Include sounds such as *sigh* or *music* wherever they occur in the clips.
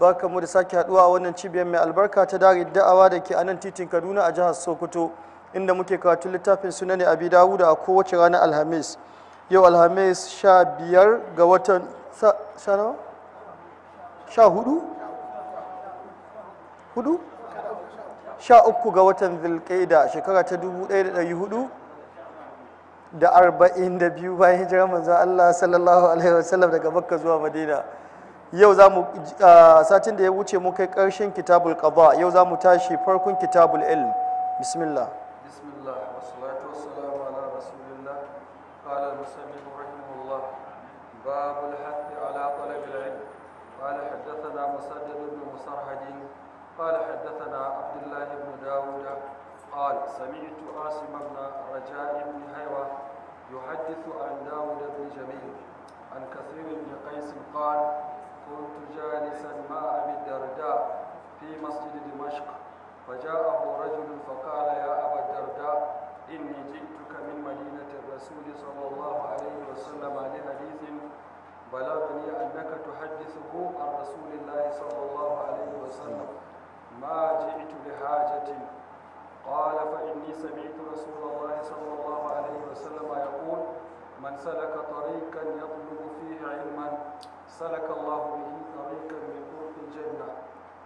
baka mu da sake haduwa a wannan cibiyar mai albarka ta dare da'awa da ke a nan titin kaduna a jihar sokoto inda muke karatun littafin ne abi dawuda a kowace ranar alhamis yau alhamis sha biyar ga watan sha hudu hudu sha uku ga watan zilkaida shekara ta dubu ɗaya da ɗari hudu da arba'in da biyu bayan hijirar manzon allah sallallahu alaihi wasallam daga bakka zuwa madina yau za mu satin da ya wuce mu kai ƙarshen kitabul qada yau za mu tashi farkon kitabul ilm bismillah bismillah ala rasulillah qala al-musannif rahimahullah babul hadd ala talab al-ilm qala haddathana musaddad ibn qala abdullah ibn كنت جالسا مع أبي الدرداء في مسجد دمشق فجاءه رجل فقال يا أبا الدرداء إني جئتك من مدينة الرسول صلى الله عليه وسلم لحديث بلغني أنك تحدثه عن رسول الله صلى الله عليه وسلم ما جئت بحاجة قال فإني سمعت رسول الله صلى الله عليه وسلم من سلك طريقا يطلب فيه علما سلك الله به طريقا من طرق الجنة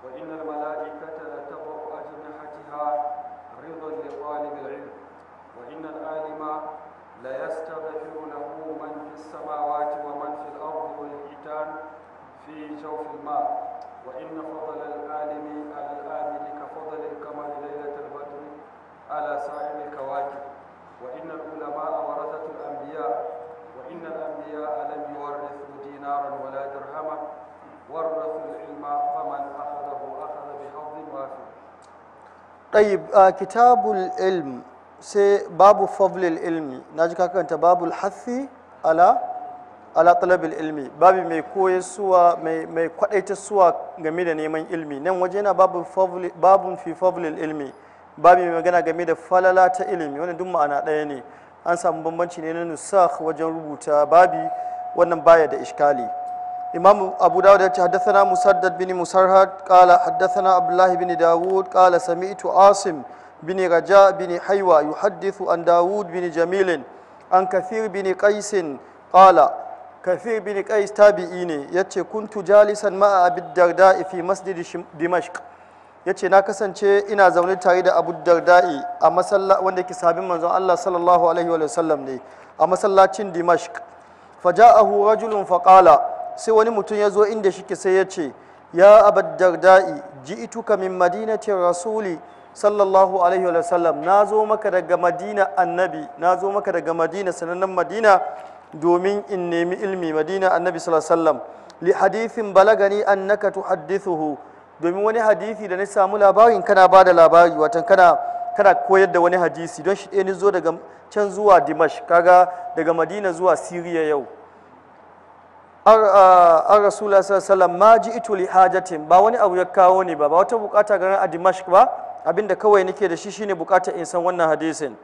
وإن الملائكة لتبرأ أجنحتها رضا لطالب العلم وإن العالم ليستغفر له من في السماوات ومن في الأرض والحيتان في جوف الماء وإن فضل العالم على العامل كفضل القمر ليلة البدر على سائر الكواكب وإن العلماء ورثة الأنبياء وإن الأنبياء لم يورثوا دينارا ولا درهما ورثوا العلم فمن أخذه أخذ بحظ وافر طيب كتاب العلم sai babu فضل العلم na ji kakanta babu hathi ala talabil ilmi babu mai koye suwa mai kwadaita suwa game da neman ilmi nan waje yana babu fadli babun fi ilmi babu mai magana game da falala ta ilmi wani duk ma'ana ɗaya ne an samu bambanci ne na nusakh wajen rubuta babi wannan baya da iskali imam abu dawud ya ce haddathana musaddad bin musarhad qala haddathana abdullahi bin dawud qala sami'tu asim bin raja bin haywa yuhaddithu an dawud bin jamil an kathir bin qais qala kathir bin qais tabi'i ne yace kuntu jalisan ma'a abid darda fi masjid dimashq ya ce na kasance ina zaune tare da abu darda'i a masalla wanda yake sabin manzon Allah sallallahu alaihi wa sallam ne a masallacin dimashq faja'ahu rajulun faqala sai wani mutum ya zo inda shi sai ya ce ya abu darda'i ji'ituka min madinati rasuli sallallahu alaihi wa sallam na zo maka daga madina annabi na zo maka daga madina sanannen madina domin in nemi ilmi madina annabi sallallahu alaihi wa sallam li hadithin balagani annaka tuhaddithuhu domin wani hadisi da na samu labarin kana ba da labari watan kana kana koyar da wani hadisi don shi ɗaya ni zo daga can zuwa dimash kaga daga madina zuwa siriya yau an rasulullah sallallahu ma ji ito li hajatin ba wani abu ya kawo ne ba ba wata bukata garin a dimash ba abinda kawai nake da shi shine bukata in san wannan hadisin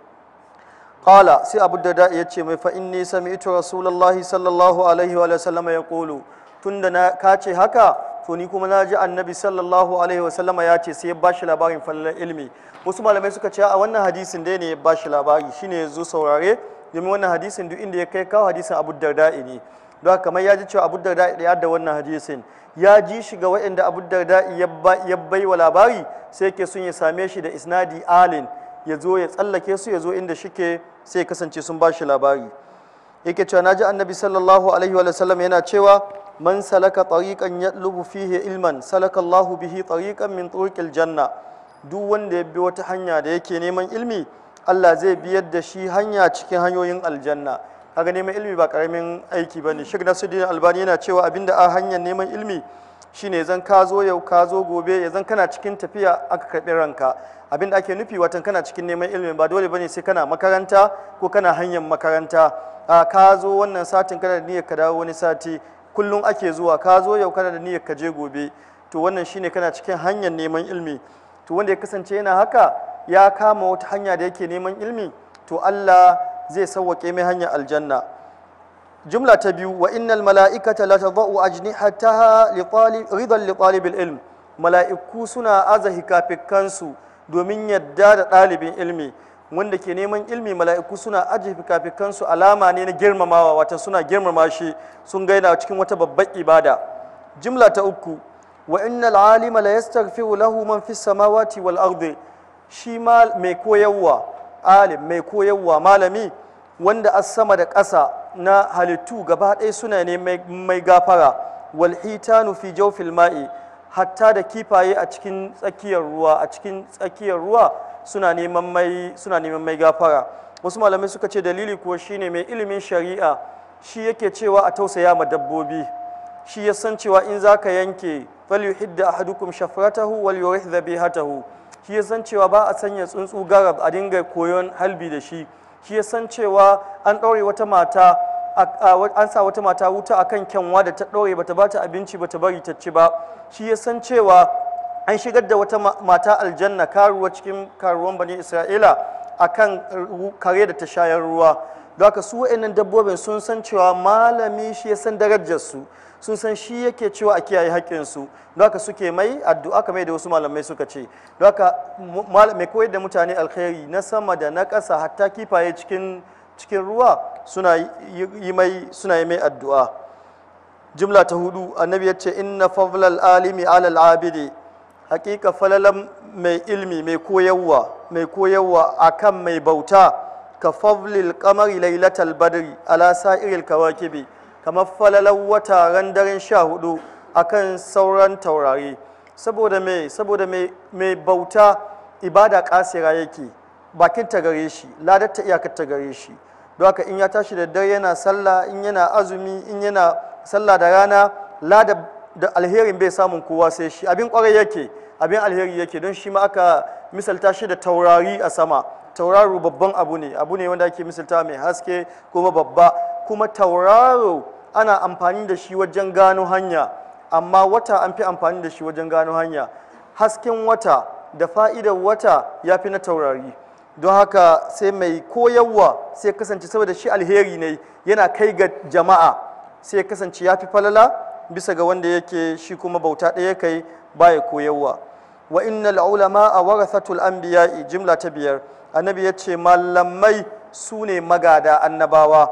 qala sai abu da ya ce mai fa inni sami'tu rasulullahi sallallahu alaihi wa sallam ya qulu tunda na kace haka to ni kuma na ji annabi sallallahu alaihi wasallama ya ce sai ya shi labarin falalar ilimi wasu malamai suka ce a wannan hadisin dai ne ya shi labari shine ya zo saurare domin wannan hadisin duk inda ya kai kawo hadisin abu darda'i ne don kamar ya ji cewa abu darda'i ya da wannan hadisin ya ji shi ga waɗanda abu darda'i ya bai wa labari sai ke sun ya same shi da isnadi alin ya zo ya tsallake su ya zo inda shi ke sai kasance sun ba shi labari yake cewa na ji annabi sallallahu alaihi wa yana cewa man salaka tariqan yatlubu fihi ilman salaka bihi tariqan min turuqil janna duk wanda ya bi wata hanya da yake neman ilmi Allah zai biyar da shi hanya cikin hanyoyin aljanna kaga neman ilmi ba karamin aiki bane Sheikh Nasiruddin Albani yana cewa abinda a hanyar neman ilmi shine zan ka zo yau ka zo gobe ya zan kana cikin tafiya aka karbi ranka abinda ake nufi watan kana cikin neman ilmi ba dole bane sai kana makaranta ko kana hanyar makaranta a ka zo wannan satin kana da niyyar ka dawo wani sati kullum ake zuwa ka zo yau kana da niyyar ka je gobe to wannan shine kana cikin hanyar neman ilmi to wanda ya kasance yana haka ya kama wata hanya da yake neman ilmi to Allah zai sawwake mai hanyar aljanna jumla ta biyu wa innal mala'ikata la tadau ajnihataha li talib ridan li talib ilm mala'iku suna azahi kafikansu domin yadda da ɗalibin ilmi wanda ke neman ilmi mala'iku suna aje fikafikansu alama ne na girmamawa wata suna girmama shi sun gaina cikin wata babbar ibada jimla ta uku wa innal alima la yastaghfiru lahu man fis samawati wal ardi shi ma mai koyarwa alim mai koyarwa malami wanda a sama da ƙasa na halittu gaba ɗaya suna ne mai gafara wal hitanu fi jawfil ma'i hatta da kifaye a cikin tsakiyar ruwa a cikin tsakiyar ruwa suna neman mai gafara wasu malamai suka ce dalili kuwa shine mai ilimin shari'a shi yake cewa a tausaya ma dabbobi shi ya san cewa in zaka yanke falyuhidda ahadukum shafratahu wal yurih hatahu shi ya san cewa ba a sanya tsuntsu garab a dinga koyon halbi da shi shi ya san cewa an ɗaure wata mata an sa wata mata wuta akan kyanwa da ta ɗaure bata bata abinci bata bari ta ci ba shi ya san cewa an shigar da wata mata aljanna karuwa cikin karuwan bani isra'ila a kan kare da ta shayar ruwa da aka su wa'annan dabbobin sun san cewa malami shi ya san darajarsu sun san shi yake cewa a kiyaye haƙƙinsu su aka suke mai addu'a kamar da wasu malamai suka ce da aka malamai koyar da mutane alkhairi na sama da na ƙasa hatta kifaye cikin ruwa suna yi mai addu'a jimla ta hudu annabi ya ce inna fadlal alimi alal abide hakika falalan mai ilmi mai koyarwa mai koyarwa akan mai bauta ka fadlil kamari lailatal badri ala sa'iril kawakibi kamar falalan wata ran daren sha hudu akan sauran taurari saboda mai bauta ibada kasira yake bakin ta gare shi ladar iyakar ta gare shi don haka in ya tashi da dare yana sallah in yana azumi in yana sallah da rana ladar da alherin bai samun kowa sai shi abin kwarai yake abin alheri yake don shi ma aka misalta shi da taurari a sama tauraro babban abu ne abu ne wanda ake misalta mai haske kuma babba kuma tauraro ana amfani da shi wajen gano hanya amma wata an fi amfani da shi wajen gano hanya hasken wata da fa'idar wata ya fi na taurari don haka sai mai koyarwa sai kasance saboda shi alheri ne yana kai ga jama'a sai kasance ya fi falala bisa ga wanda yake shi kuma bauta ɗaya kai baya koyarwa wa innal ulama a warathatul anbiya'i jimla ta biyar annabi ya ce malamai su ne magada annabawa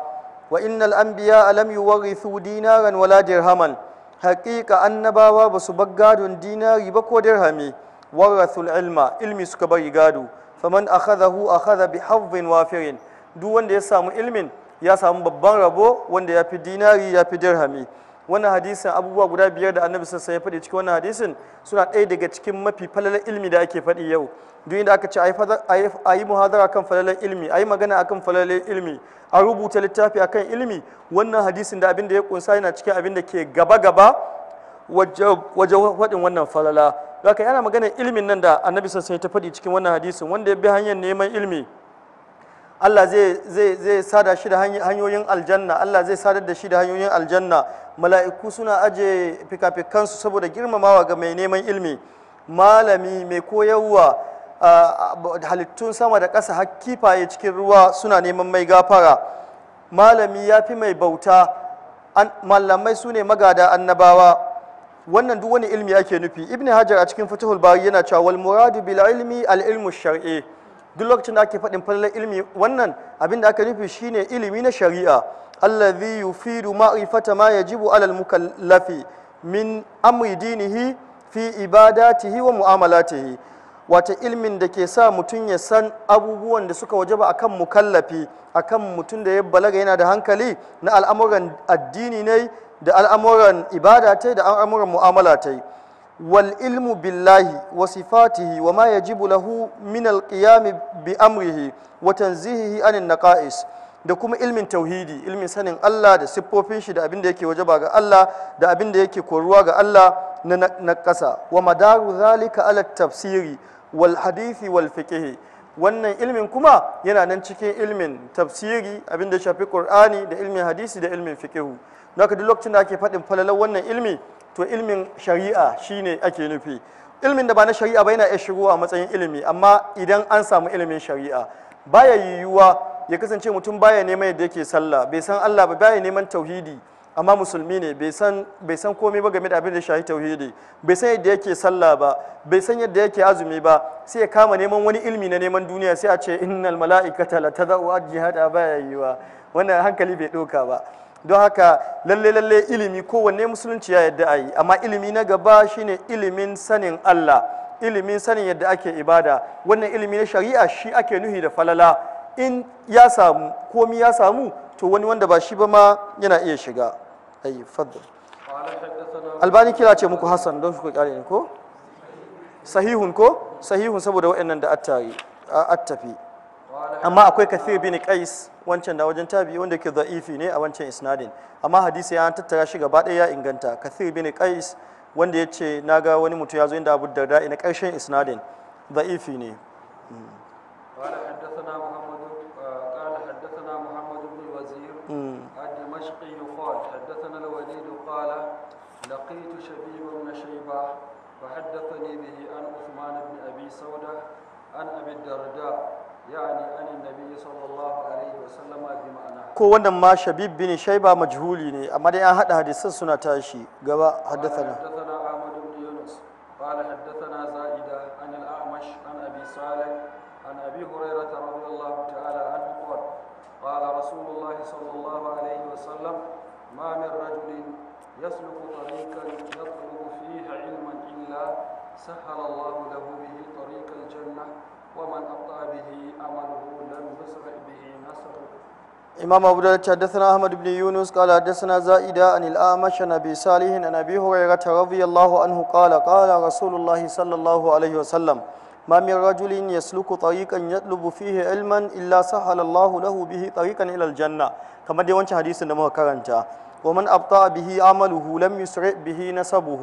wa innal anbiya lam yuwarithu dinaran wala dirhaman haƙiƙa annabawa basu su bar gadon dinari ba ko dirhami warathul ilma ilmi suka bari gado faman akhadahu akhadha bi wafirin duk wanda ya samu ilmin ya samu babban rabo wanda ya fi dinari ya fi dirhami wannan hadisin abubuwa guda biyar da annabi sun ya faɗi cikin wannan hadisin suna ɗaya daga cikin mafi falalar ilmi da ake faɗi yau duk inda aka ce a yi muhadara kan falalar ilmi a yi magana akan falalar ilmi a rubuta littafi akan ilmi wannan hadisin da abin da ya kunsa yana cikin abin da ke gaba gaba wajen faɗin wannan falala haka yana magana ilmin nan da annabi sun sai ta faɗi cikin wannan hadisin wanda ya bi hanyar neman ilmi Allah zai sada shi da hanyoyin aljanna Allah zai sadar da shi da hanyoyin aljanna mala'iku suna aje fikafikansu saboda girmamawa ga mai neman ilmi malami mai koyarwa halittun sama da ƙasa har kifaye cikin ruwa suna neman mai gafara malami ya fi mai bauta malamai su ne magada annabawa wannan duk wani ilmi ake nufi ibn hajar a cikin fatuhul bari yana cewa wal muradu bil ilmi al ilmu shar'i duk lokacin da ake faɗin falalar ilimi wannan abin da aka nufi shine ilimi na shari'a allazi yufidu ma'rifata ma yajibu alal mukallafi min amri dinihi fi ibadatihi wa mu'amalatihi wata ilimin da ke sa mutum ya san abubuwan da suka wajaba akan mukallafi akan mutum da ya balaga yana da hankali na al'amuran addini ne da al'amuran ibada ta da al'amuran mu'amala ta wal ilmu billahi wa sifatihi wa ma yajibu lahu وتنزيهه عن النقائص bi amrihi wa tanzihihi anin da kuma ilmin tauhidi ilmin sanin Allah da siffofin shi da abin da yake wajaba ga Allah da abin da yake koruwa ga Allah na nakasa wa madaru zalika ala tafsiri wal hadisi wal fiqh wannan ilmin kuma yana nan cikin ilmin tafsiri abin da shafi Qur'ani da ilmin hadisi da ilmin fiqh naka duk lokacin da ake faɗin falalar wannan ilmi to ilmin shari'a shi shine ake nufi ilmin da ba na shari'a ba yana iya shigo a matsayin ilimi amma idan an samu ilimin shari'a baya yiwuwa ya kasance mutum baya neman yadda yake sallah bai san Allah ba baya neman tauhidi amma musulmi ne bai san bai komai ba game da abin da shahi tauhidi bai san yadda yake sallah ba bai san yadda yake azumi ba sai ya kama neman wani ilmi na neman duniya sai a ce innal mala'ikata la jihada ajhada baya yiwa wannan hankali bai doka ba don haka lalle lalle ilimi kowanne musulunci ya yadda a yi amma ilimi na gaba shine ilimin sanin Allah ilimin sanin yadda ake ibada wannan ilimi na shari'a shi ake nuhi da falala in ya samu komi ya samu to wani wanda ba shi ba ma yana iya shiga ayi faddal albani kira ce muku hasan don ku kare ko sahihun ko sahihun saboda waɗannan da attafi amma akwai kafir bin kais wancan da wajen tabi wanda ke za'ifi ne a wancan isnadin amma hadisi ya tattara shi gaba ɗaya ya inganta kafir bin kais wanda ya ce na ga wani mutum ya zo inda abu darda na ƙarshen isnadin za'ifi ne hmm. ko wannan ma shabib bin shaiba majhuli ne amma dai an hada hadisan suna tashi gaba haddathana إمام أبو داود حدثنا أحمد بن يونس قال حدثنا زائدة عن الأعمش عن أبي صالح عن أبي هريرة رضي الله عنه قال قال رسول الله صلى الله عليه وسلم ما من رجل يسلك طريقا يطلب فيه علما إلا سهل الله له به طريقا إلى الجنة كما دي وانش حديث نمو كرنتا ومن أبطأ به عمله لم يسرع به نسبه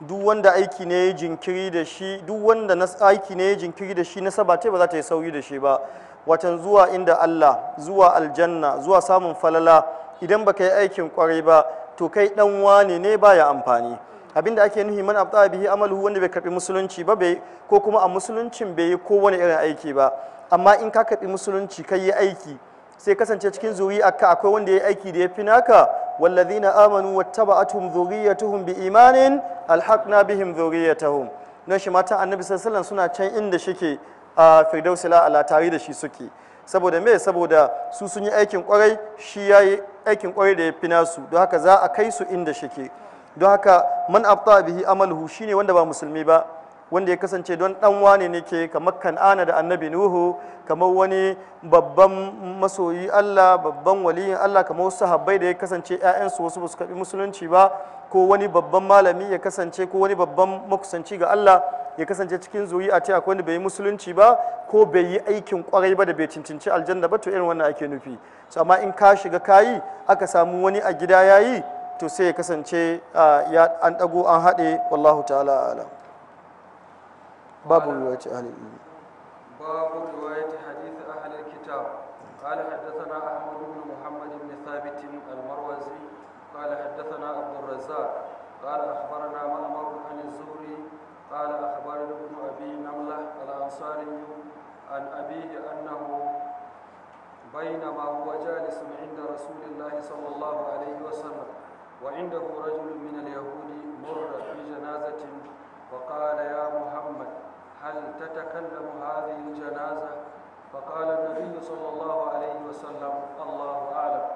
duk wanda aiki ne ya jinkiri da shi duk wanda aiki ne ya jinkiri da shi nasaba ta ba za ta yi sauri da shi ba watan zuwa inda Allah zuwa aljanna zuwa samun falala idan baka yi aikin kwarai ba to kai dan wane ne baya amfani abinda ake nuhi man abta bihi amalu wanda bai karbi musulunci ba bai ko kuma a musuluncin bai yi kowane irin aiki ba amma in ka karbi musulunci kai yi aiki sai kasance cikin ka akwai wanda ya aiki da ya fi naka wallazina amanu wattaba'atuhum dhurriyyatuhum biimanin alhaqna bihim dhurriyyatahum don shi mata annabi sallallahu suna can inda shike a firdausi ala tare da shi suke saboda me saboda su sun yi aikin kwarai shi yi aikin kwarai da ya fi nasu don haka za a kai su inda shike don haka man abta bihi amaluhu shine wanda ba musulmi ba wanda ya kasance don dan ne ke kamar kan'ana da annabi nuhu kamar wani babban masoyi Allah babban waliyin Allah kamar wasu sahabbai da ya kasance 'ya'yansu wasu ba su karɓi musulunci ba ko wani babban malami ya kasance ko wani babban makusanci ga Allah ya kasance cikin zuri a ce akwai wanda bai yi musulunci ba ko bai yi aikin kwarai ba da bai cincinci aljanna ba to irin wannan ake nufi so amma in ka shiga kayi aka samu wani a gida yayi to sai ya kasance ah, an ɗago an haɗe wallahu ta'ala alam babu riwayati ahli ilmi babu riwayati hadith ahli alkitab قال حدثنا احمد بن محمد بن ثابت المروزي قال حدثنا عبد الرزاق قال اخبرنا معمر عن الزهري قال اخبرنا ابن ابي نمله الانصاري عن ابيه انه بينما هو جالس عند رسول الله صلى الله عليه وسلم وعنده رجل من اليهود مر في جنازه فقال يا محمد هل تتكلم هذه الجنازة فقال النبي صلى الله عليه وسلم الله أعلم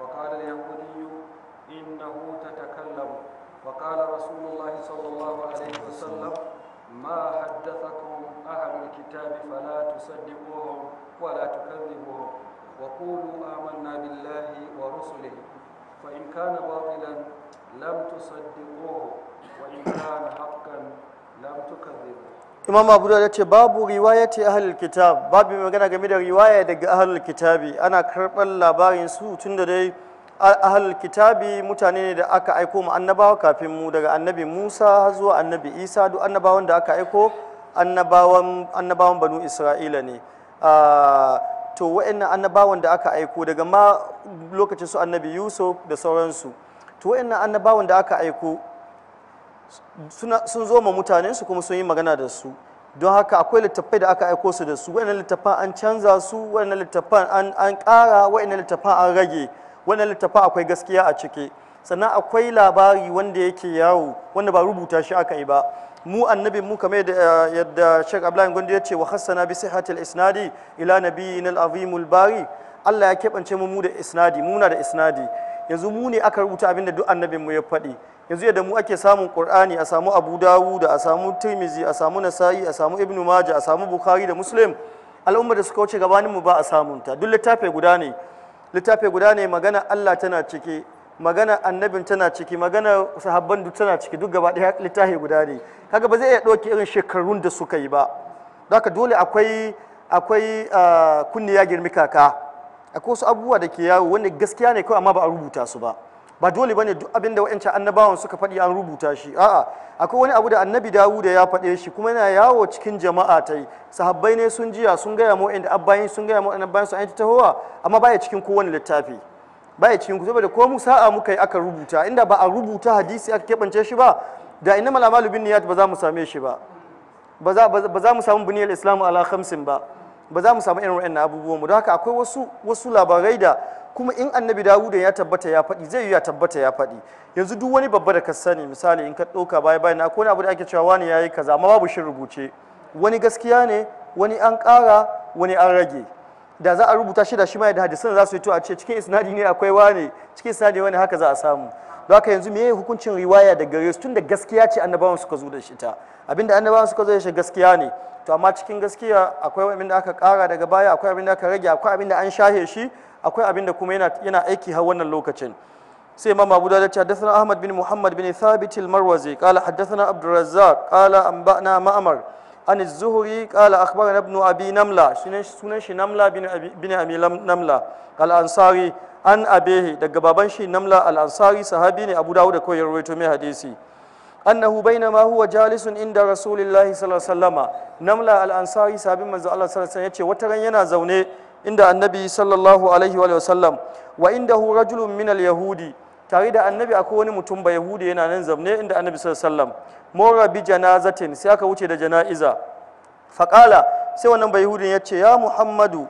فقال اليهودي إنه تتكلم فقال رسول الله صلى الله عليه وسلم ما حدثكم أهل الكتاب فلا تصدقوهم ولا تكذبوهم وقولوا آمنا بالله ورسله فإن كان باطلا لم تصدقوه وإن كان حقا لم تكذبوه imam abu da ce babu riwaya ce ahlul kitab babu magana game da riwaya daga ahlul kitabi ana karɓar labarin su tun da dai ahlul kitabi mutane ne da aka aiko mu annabawa kafin mu daga annabi musa zuwa annabi isa duk annabawan da aka aiko annabawan annabawan banu isra'ila ne ah, to wa'annan annabawan da aka aiko daga ma lokacin su annabi yusuf da sauransu to wa'annan annabawan da aka aiko sun zo ma mutanensu kuma sun yi magana da su don haka akwai littattafai da aka aiko su da su wani littattafan an canza su wani littattafan an ƙara wani littattafan an rage wani littattafan akwai gaskiya a cike sannan akwai labari wanda yake yawo wanda ba rubuta shi aka yi ba mu annabi mu kamar yadda eh, Sheikh Abdullahi Gondo ya ce wa hassana bi sihhatil isnadi ila nabiyina al-azimul bari Allah ya keɓance mu da isnadi mu na da isnadi yanzu mu ne aka rubuta abinda duk annabin mu ya faɗi yanzu yadda mu ake samun qur'ani a samu abu da a samu tirmizi a samu nasa'i a samu ibn majah a samu bukhari da muslim al'ummar da suka wuce gabanin mu ba a samun ta duk littafi guda ne littafi guda ne magana Allah tana ciki magana annabin tana ciki magana sahabban duk tana ciki duk gaba ɗaya littafi guda ne kaga ba zai iya ɗauki irin shekarun da suka yi ba haka dole akwai akwai kunniya girmi kaka akwai wasu abubuwa da ke yawo wanda gaskiya ne kawai amma ba a rubuta su ba ba dole bane duk abin da wa'ancan annabawan suka faɗi an rubuta shi a'a akwai wani abu da annabi dawuda ya faɗe shi kuma yana yawo cikin jama'a ta yi sahabbai ne sun jiya sun gaya mu inda abbayin sun gaya mu annabayin sun ayyanta tahowa amma baya cikin kowane littafi baya cikin ku saboda ko mu sa'a muka yi aka rubuta inda ba a rubuta hadisi aka keɓance shi ba da inna malamalu bin niyat ba za mu same shi ba ba za mu samu buniyar islam ala khamsin ba ba za mu samu irin wa'annan abubuwan mu don haka akwai wasu wasu labarai da kuma in annabi dawuda ya tabbata ya faɗi zai yi ya tabbata ya faɗi yanzu duk wani babba da ka sani misali in ka ɗauka baya bayan na akwai abu da ake cewa wani ya yi kaza amma babu shin rubuce wani gaskiya ne wani an ƙara wani an rage da za a rubuta shi da shi ma da hadisan za su yi to a ce cikin isnadi ne akwai wane cikin isnadi wani haka za a samu don haka yanzu meye hukuncin riwaya da gare su tun da gaskiya ce annabawan suka zo da shi ta abinda annabawan suka zo da shi gaskiya ne to amma cikin gaskiya akwai abin da aka kara daga baya akwai abin da aka rage akwai abin da an shahe shi akwai abin da kuma yana aiki har wannan lokacin sai imam abu dawud ya ahmad bin muhammad bin thabit marwazi qala haddathana abdur razzaq anba'na ma'mar an az-zuhri qala akhbarana ibn abi namla sunan shi namla bin abi namla al-ansari an abehi daga baban shi namla al-ansari sahabi ne abu dawud da koyar rawaito mai hadisi annahu bainama huwa jalisun inda rasulillahi sallallahu alaihi wasallama namla al-ansari sabin manzo Allah sallallahu alaihi wasallam yace wata ran yana zaune inda annabi sallallahu alaihi wa sallam wa indahu rajulun min al-yahudi tare da annabi akwai wani mutum ba yahudi yana nan zaune inda annabi sallallahu alaihi wasallam mora bi janazatin sai aka wuce da jana'iza faqala sai wannan bayahudin yace ya muhammadu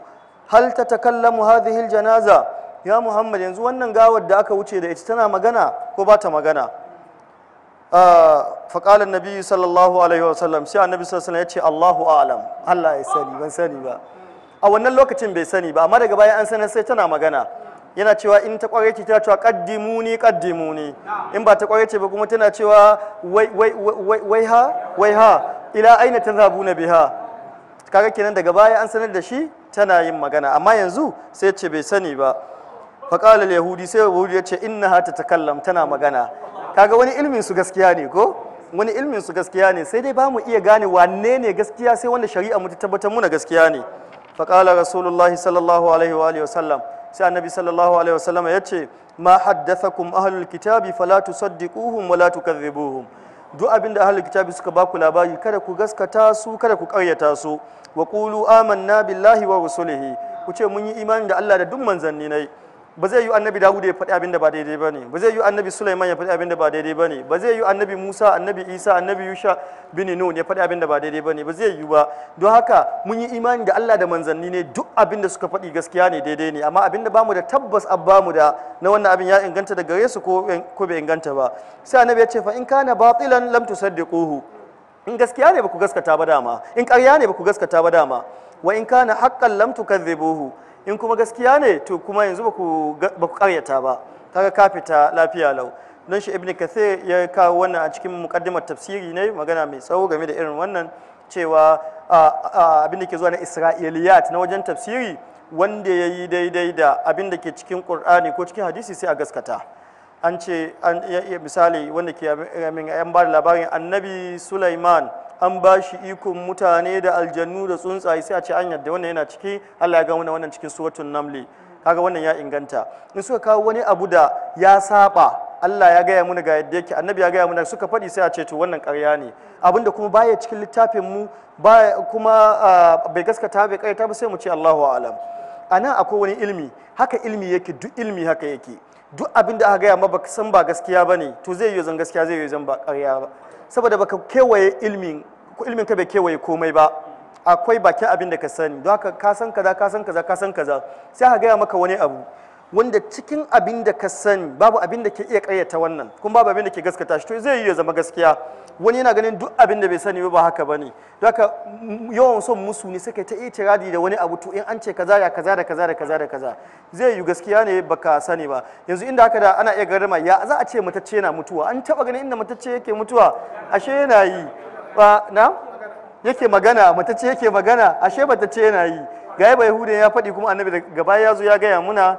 hal tatakallamu hadhihi al-janaza ya muhammad yanzu wannan gawar da aka wuce da ita tana magana ko ba ta magana faƙalar nabi sallallahu alaihi wasallam sai annabi sallallahu alaihi ya ce Allahu alam Allah ya sani ban sani ba a wannan lokacin bai sani ba amma daga baya an sanar sai tana magana yana cewa in ta kware ce ta cewa qaddimuni qaddimuni in ba ta kware ce ba kuma tana cewa wai wai wai ha wai ha ila aina tadhabuna biha kaga kenan daga baya an sanar da shi tana yin magana amma yanzu sai ce bai sani ba faqala yahudi sai yahudi ya ce innaha tatakallam tana magana kaga wani ilmin su gaskiya ne ko wani ilmin su gaskiya ne sai dai ba mu iya gane wane ne gaskiya sai wanda shari'a mu ta tabbatar muna gaskiya ne qala rasulullahi sallallahu alaihi wa alihi wasallam sai annabi sallallahu alaihi wasallam ya ce ma haddathakum ahlul kitabi fala tusaddiquhum wala tukadhibuhum duk abinda da ahlul kitabi suka baku labari kada ku gaskata su kada ku karyata su wa qulu amanna billahi wa rusulihi ku ce mun yi imani da Allah da duk manzanni nai ba zai yi annabi dawud ya faɗi abin da ba daidai ba ne ba zai yi annabi sulaiman ya faɗi abin da ba daidai ba ne ba zai yi annabi musa annabi isa annabi yusha bin nun ya faɗi abin da ba daidai ba ne ba zai yi ba don haka mun yi imani da allah da manzanni ne duk abin da suka faɗi gaskiya ne daidai ne amma abin da bamu da tabbas an bamu da na wannan abin ya inganta da gare su ko bai inganta ba sai annabi ya ce fa in kana batilan lam tusaddiquhu in gaskiya ne ba ku gaskata ba dama in ƙarya ne ba ku gaskata ba dama wa in kana haqqan lam tukadhibuhu in kuma gaskiya ne to kuma yanzu ba ku karyata ba kaga ka fita lafiya lau don shi ibn kathir ya kawo wannan a cikin mukaddimar tafsiri ne magana mai tsawo game da irin wannan cewa abin da ke zuwa na isra'iliyat na wajen tafsiri wanda ya yi daidai da abin da ke cikin ƙur'ani ko cikin hadisi sai a gaskata an ce an iya misali wanda ke min an ba da labarin annabi Sulaiman an ba shi ikon mutane da aljannu da tsuntsaye sai a ce an yadda wannan yana ciki Allah ya ga wannan cikin suratul namli kaga wannan ya inganta in suka kawo wani abu da ya saba Allah ya gaya muna ga yadda yake annabi ya gaya muna suka faɗi sai a ce to wannan ƙarya ne abinda kuma baya cikin littafin mu baya kuma bai gaskata bai ta ba sai mu ce Allahu a'lam anan akwai wani ilmi haka ilmi yake duk ilmi haka yake duk abin da aka gaya ma baka san ba gaskiya ba ne to zai yi zan gaskiya zai yi zan ba ƙarya ba saboda baka kewaye ilmin ilmin ka bai kewaye komai ba akwai bakin abin da ka sani don haka ka san kaza ka san kaza ka san kaza sai aka gaya maka wani abu wanda cikin abin da ka sani babu abin da ke iya ƙayyata wannan kuma babu abin da ke gaskata shi to zai yi ya zama gaskiya wani yana ganin duk abin da bai sani ba haka bane don haka mm, yawan son musu ne suka ta itiradi da wani abu to in an ce kaza ya kaza da kaza da kaza da kaza zai yi gaskiya ne baka sani ba yanzu inda haka da ana iya garma ya za a ce matacce na mutuwa an taba ganin inda matacce yake mutuwa ashe yana yi ba na yake magana matacce yake magana ashe matacce yana yi ga ba yahudan ya faɗi kuma annabi da baya ya zo ya gaya muna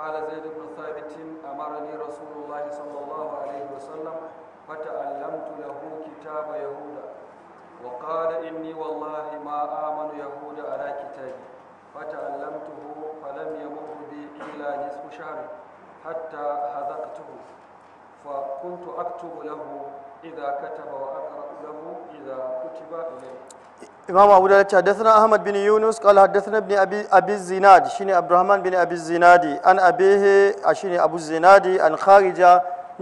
قال زيد بن ثابت أمرني رسول الله صلى الله عليه وسلم فتعلمت له كتاب يهودا وقال إني والله ما آمن يهودا على كتابي فتعلمته فلم يمر بي إلا نصف شهر حتى هذقته فكنت أكتب له إذا كتب وأقرأ له إذا كتب إليه إمام أبو داود حدثنا أحمد بن يونس قال حدثنا ابن أبي, أبي الزناد شيني عبد الرحمن بن أبي الزنادي عن أبيه شيني أبو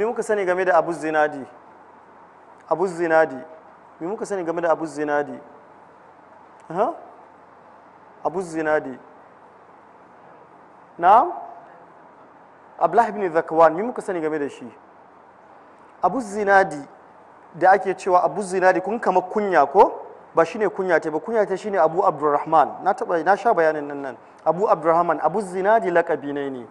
muka sani game da abu zinadi abu zinadi muka sani game da abu zinadi ha abu zinadi na'am ablah ibn zakwan muka sani game da shi abu da ake cewa abu zinadi kun kama kunya ko ba shine kunya ta ba kunya ta shine Abu Abdurrahman na taba na sha bayanin nan nan Abu Abdurrahman Abu Zinadi laqabi ne ne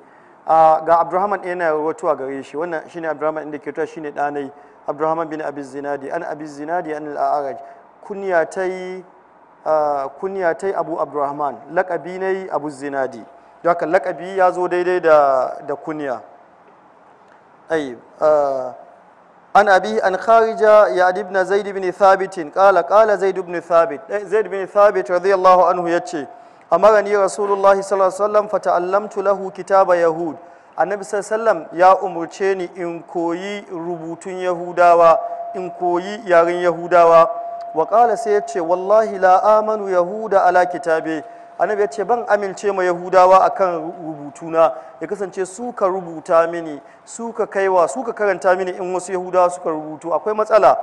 ga Abdurrahman ɗaya na rawatuwa gare shi wannan shine Abdurrahman inda ke tuwa shine ɗanai Abdurrahman bin Abi Zinadi an Abi Zinadi an al-A'raj kunya ta yi kunya ta Abu Abdurrahman laqabi ne Abu Zinadi don haka laqabi ya zo daidai da da kunya an abi an kharija ya ibn zaid ibn thabit qala qala zaid ibn thabit zaid ibn thabit radiyallahu anhu yace amarani rasulullahi sallallahu alaihi wasallam fata'allamtu lahu kitaba yahud annabi sallallahu ya umurce ni in koyi rubutun yahudawa in koyi yaren yahudawa wa qala sai yace wallahi la amanu yahuda ala kitabe annabi ya ce ban amince ma yahudawa akan rubutuna ya kasance suka rubuta mini suka kaiwa suka karanta mini in wasu yahudawa suka rubutu akwai matsala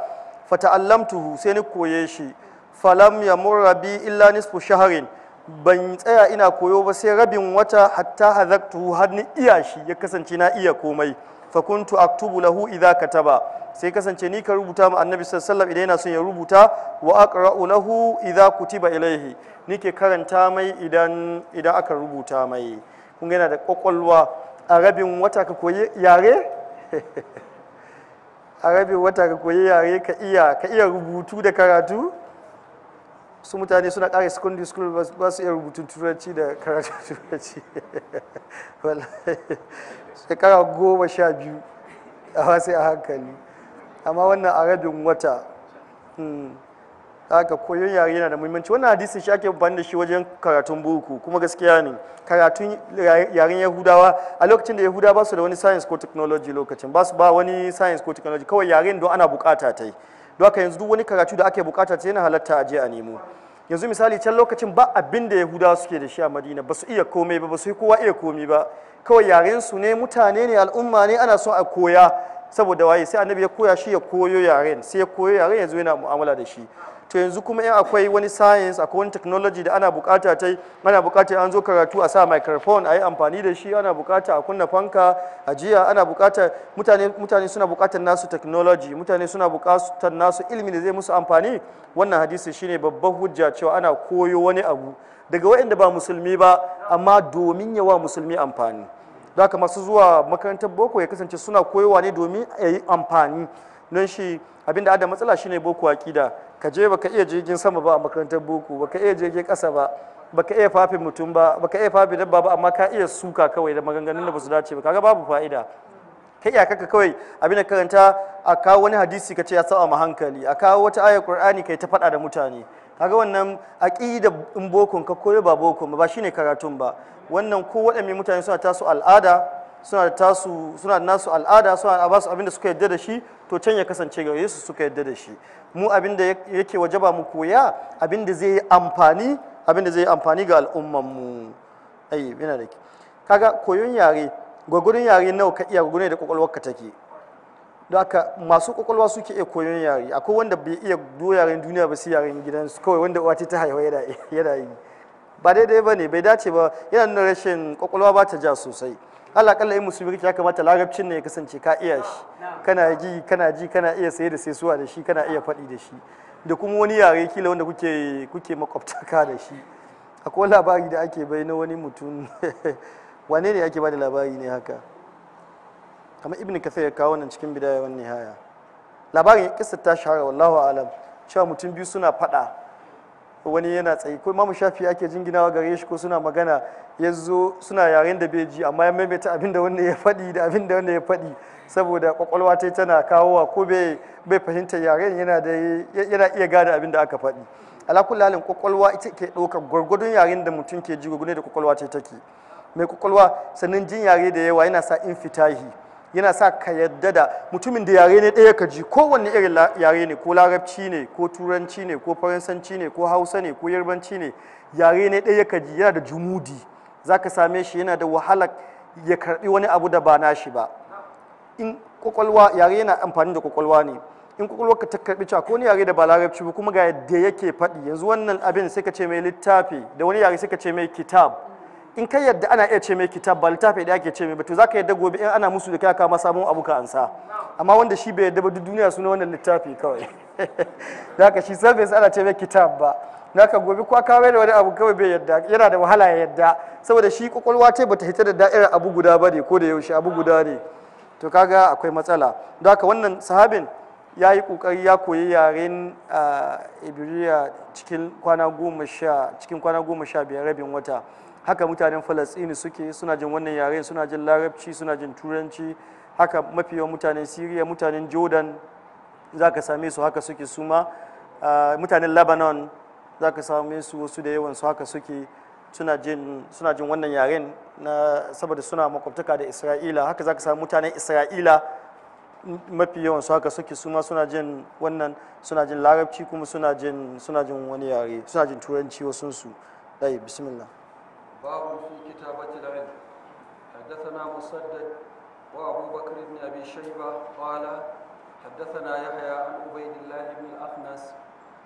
fata fata'allamtuhu sai ni koye shi falam yamurra bi illa nisfu shaharin ban tsaya ina koyo ba sai rabin wata hatta hazaktuhu har ni iya shi ya kasance na iya komai fakuntu aktubu lahu idza kataba sai kasance ni ka rubuta ma annabi sallallahu alaihi idan yana son ya rubuta wa aqra'u lahu idza kutiba ilaihi nike karanta mai idan idan aka rubuta mai kun yana da kwakwalwa a rabin wata ka koyi yare *laughs* a wata ka koyi yare ka iya ka iya rubutu da karatu su mutane suna ƙara secondary school ba su iya rubutun turanci da karatun *laughs* turanci shekara goma sha biyu a sai a hankali amma wannan a rabin wata hmm, haka koyon yare yana da muhimmanci wannan hadisin shi ake bani da shi wajen karatun buku kuma gaskiya ne karatun yaren yahudawa a lokacin da yahudawa ba su da wani science ko technology lokacin ba su ba wani science ko technology kawai yaren don ana bukata ta yi don haka yanzu duk wani karatu da ake bukata ta yana halatta a je a nemo yanzu misali can lokacin ba abin da yahudawa suke da shi a madina ba su iya komai ba ba su yi kowa iya komai ba kawai yaren su ne mutane ne al'umma ne ana so a koya saboda waye sai annabi ya koya shi ya koyo yaren sai ya koyo yaren yanzu yana mu'amala da shi to yanzu kuma in akwai wani science akwai wani technology da ana bukata ta ana bukata an zo karatu a sa microphone a yi amfani da shi ana bukata a kunna fanka a jiya ana bukata mutane mutane suna bukatar nasu technology mutane suna bukatar nasu ilimi da zai musu amfani wannan hadisi shine babban hujja cewa ana koyo wani abu daga waɗanda ba musulmi ba amma domin yawa musulmi amfani da haka masu zuwa makarantar boko ya kasance suna koyowa ne domin a yi amfani don shi abinda ada matsala shine boko akida ka je baka iya jirgin sama ba a makarantar boko baka iya jirgin kasa ba baka iya fafin mutum ba baka iya fafin dabba ba amma ka iya suka kawai da maganganun da ba su dace ba kaga babu fa'ida Ka kai iyakarka kawai abin da karanta a kawo wani hadisi ka ce ya saba ma hankali a kawo wata ayar qur'ani kai ta faɗa da mutane kaga wannan aqida in bokon ka koyo ba bokon ba shine karatun ba wannan ko waɗanne mutane suna taso al'ada suna da tasu suna da nasu al'ada suna da basu abinda suka yadda da shi to can ya kasance ga Yesu suka yadda da shi mu abinda yake yake wajaba mu koya abinda zai yi amfani abinda zai yi amfani ga al'umman mu ai yana da kaga koyon yare gwagwarin yare nawa ka iya gwagwarin da kwakwalwar ka take don haka masu kwakwalwa suke iya koyon yare akwai wanda bai iya do yaren duniya ba sai yaren gidansu kawai wanda uwa ta haihuwa yana yi ba daidai ba ne bai dace ba yana nuna rashin kwakwalwa ba ta ja sosai Allah kalla yin musulmi ya kamata larabcin ne ya kasance ka iya shi kana ji kana ji kana iya saye da saisuwa da shi kana iya faɗi da shi da kuma wani yare kila wanda kuke kuke makwabtaka da shi akwai labari da ake bai na wani mutum *laughs* wane ne ake bada labari ne haka kamar ibn kasir ya kawo nan cikin bidaya wani haya labarin kisa ta shahara wallahu alam cewa mutum biyu suna faɗa wani yana tsayi ko imamu shafi ake jinginawa gare shi ko suna magana ya zo suna yaren da bai ji amma ya maimaita abin da wanda ya faɗi da abin da wanda ya faɗi saboda kwakwalwa ta tana kawowa ko bai fahimta yaren yana iya gada abin da aka faɗi alakulalin Lalin kwakwalwa ita ke ɗaukar gwargwadon yaren da mutum ke ji gwargwadon da kwakwalwa ta take mai kwakwalwa sannan jin yare da yawa yana sa in fitahi yana sa ka yadda da mutumin da yare ne ɗaya ka ji kowanne irin yare ne ko larabci ne ko turanci ne ko faransanci ne ko hausa ne ko yarbanci ne yare ne ɗaya ka ji yana da jumudi za ka same shi yana da wahala ya karɓi wani abu da ba nashi ba in kwakwalwa yare yana amfani da kwakwalwa ne in kwakwalwa ka ta karɓi cewa ko ni yare da ba larabci ba kuma ga yadda yake faɗi yanzu wannan abin sai ka ce mai littafi da wani yare sai ka ce mai kitab in kai yadda ana iya ce mai kitab ba littafi da ake ce mai ba to zaka yadda gobe in ana musu da kai kama masa mun abuka ansa amma wanda shi bai yadda ba duk duniya suna wannan littafi kawai da *laughs* ka shi service ana ce mai kitab ba naka gobe kwa kawai da wani abu kawai bai yadda yana da wahala ya yadda saboda shi kwakwalwa ce bata hita da da'irar abu guda ba ne ko da yaushe abu guda ne to kaga akwai matsala da haka wannan sahabin ya yi kokari ya koyi yaren ah, ibriya cikin kwana goma sha biyar rabin wata haka mutanen Falasini suke suna jin wannan yaren suna jin larabci suna jin turanci haka mafi yawan mutanen siriya mutanen jordan za ka same su haka suke suma mutanen lebanon za ka same su wasu da yawan su haka suke suna jin wannan yaren na saboda suna makwabtaka da isra'ila haka za ka same mutanen isra'ila mafi yawan su haka suke suma suna jin wannan suna jin larabci kuma suna jin wani yare suna jin turanci wasunsu ɗai bismillah باب في كتابة العلم حدثنا مسدد وأبو بكر بن أبي شيبة قال حدثنا يحيى عن عبيد الله بن الأخنس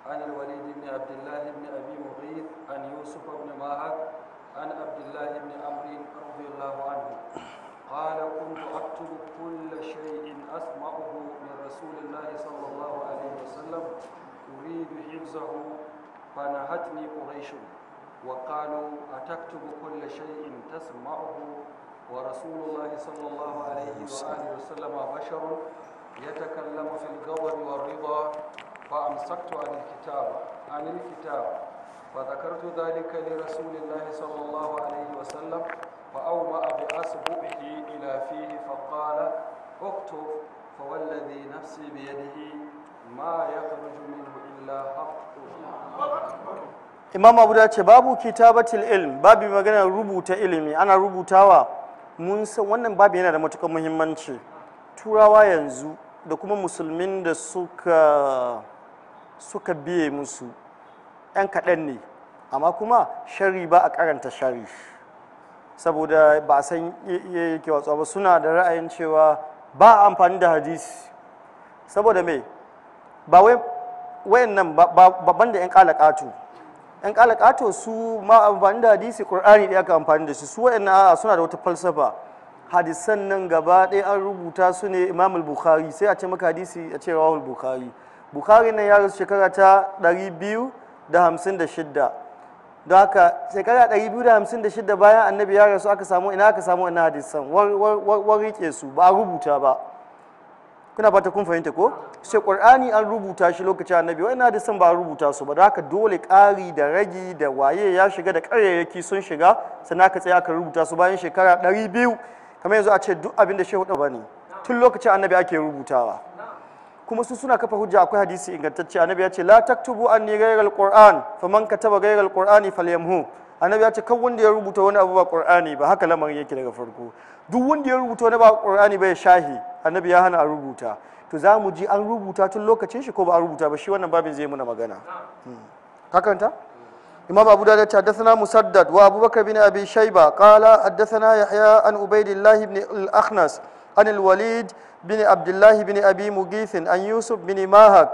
عن الوليد بن عبد الله بن أبي مغيث عن يوسف بن ماهك عن عبد الله بن عمرو رضي الله عنه قال كنت أكتب كل شيء أسمعه من رسول الله صلى الله عليه وسلم أريد حفظه فنهتني قريش وقالوا أتكتب كل شيء تسمعه ورسول الله صلى الله عليه وآله وسلم بشر يتكلم في الغضب والرضا فأمسكت عن الكتاب عن الكتاب فذكرت ذلك لرسول الله صلى الله عليه وسلم فأومأ بأصبعه إلى فيه فقال اكتب فوالذي نفسي بيده ما يخرج منه إلا حق imam abu da ce babu kitabatil ilm babu magana rubuta ilimi ana rubutawa mun san wannan babu yana da matukan muhimmanci turawa yanzu da kuma musulmin da suka biye musu yan kaɗan ne amma kuma shari ba a karanta shari saboda ba a san yake watsa ba suna da ra'ayin cewa ba amfani da hadisi saboda me ba wai wayan nan babban da yan katu. yan kalakato su ma amfani da hadisi qur'ani ɗaya aka amfani da shi su a'a suna da wata falsafa hadisan nan gaba ɗaya an rubuta su ne imam bukhari sai a ce maka hadisi a ce rawahul bukhari bukhari nan ya rasu shekara ta ɗari da haka shekara ɗari bayan annabi ya rasu aka samu ina aka samu wannan hadisan war rike su ba a rubuta ba kuna fata kun fahimta ko sai qur'ani an rubuta shi lokacin annabi da san ba rubuta su ba haka dole ƙari da ragi da waye ya shiga da ƙaryayyaki sun shiga sannan aka tsaya ka rubuta su bayan shekara ɗari biyu kamar yanzu a ce duk abin da shehu ba ne tun lokacin annabi ake rubutawa kuma su suna kafa hujja akwai hadisi ingantacce annabi ya ce la taktubu anni ghayra alquran faman kataba ghayral qur'ani falyamhu annabi ya ce kan wanda ya rubuta wani abu ba qur'ani ba haka lamarin yake daga farko duk wanda ya rubuta wani ba qur'ani ba ya shahi annabi ya hana a rubuta to za mu ji an rubuta tun lokacin shi ko ba a rubuta ba shi wannan babin zai muna magana hmm. kakanta imam abu da ta dasana musaddad wa abubakar bin abi shaiba qala addathana yahya an ubaidillah ibn al-akhnas an al-walid bin abdullah bin abi mughith an yusuf bin mahak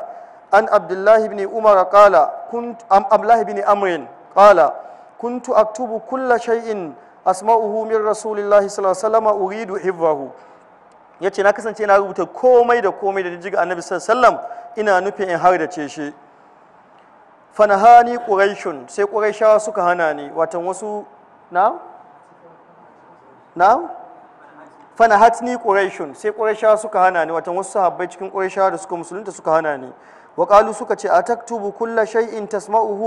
an abdullah bin umar qala kunt am abdullah bin amr qala kuntu aktubu kulla shay'in asma'uhu min rasulillahi sallallahu alaihi wasallam uridu hifzahu ya ce na kasance na rubuta komai da komai da jijjiga annabi sallam ina nufin in har da ce shi fanahani quraishun sai quraishawa suka hana ni watan wasu na na fanahatni quraishun sai quraishawa suka hana ni watan wasu sahabbai cikin quraishawa da suka musulunta suka hana ni وقالوا سكت أتكتب كل شيء تسمعه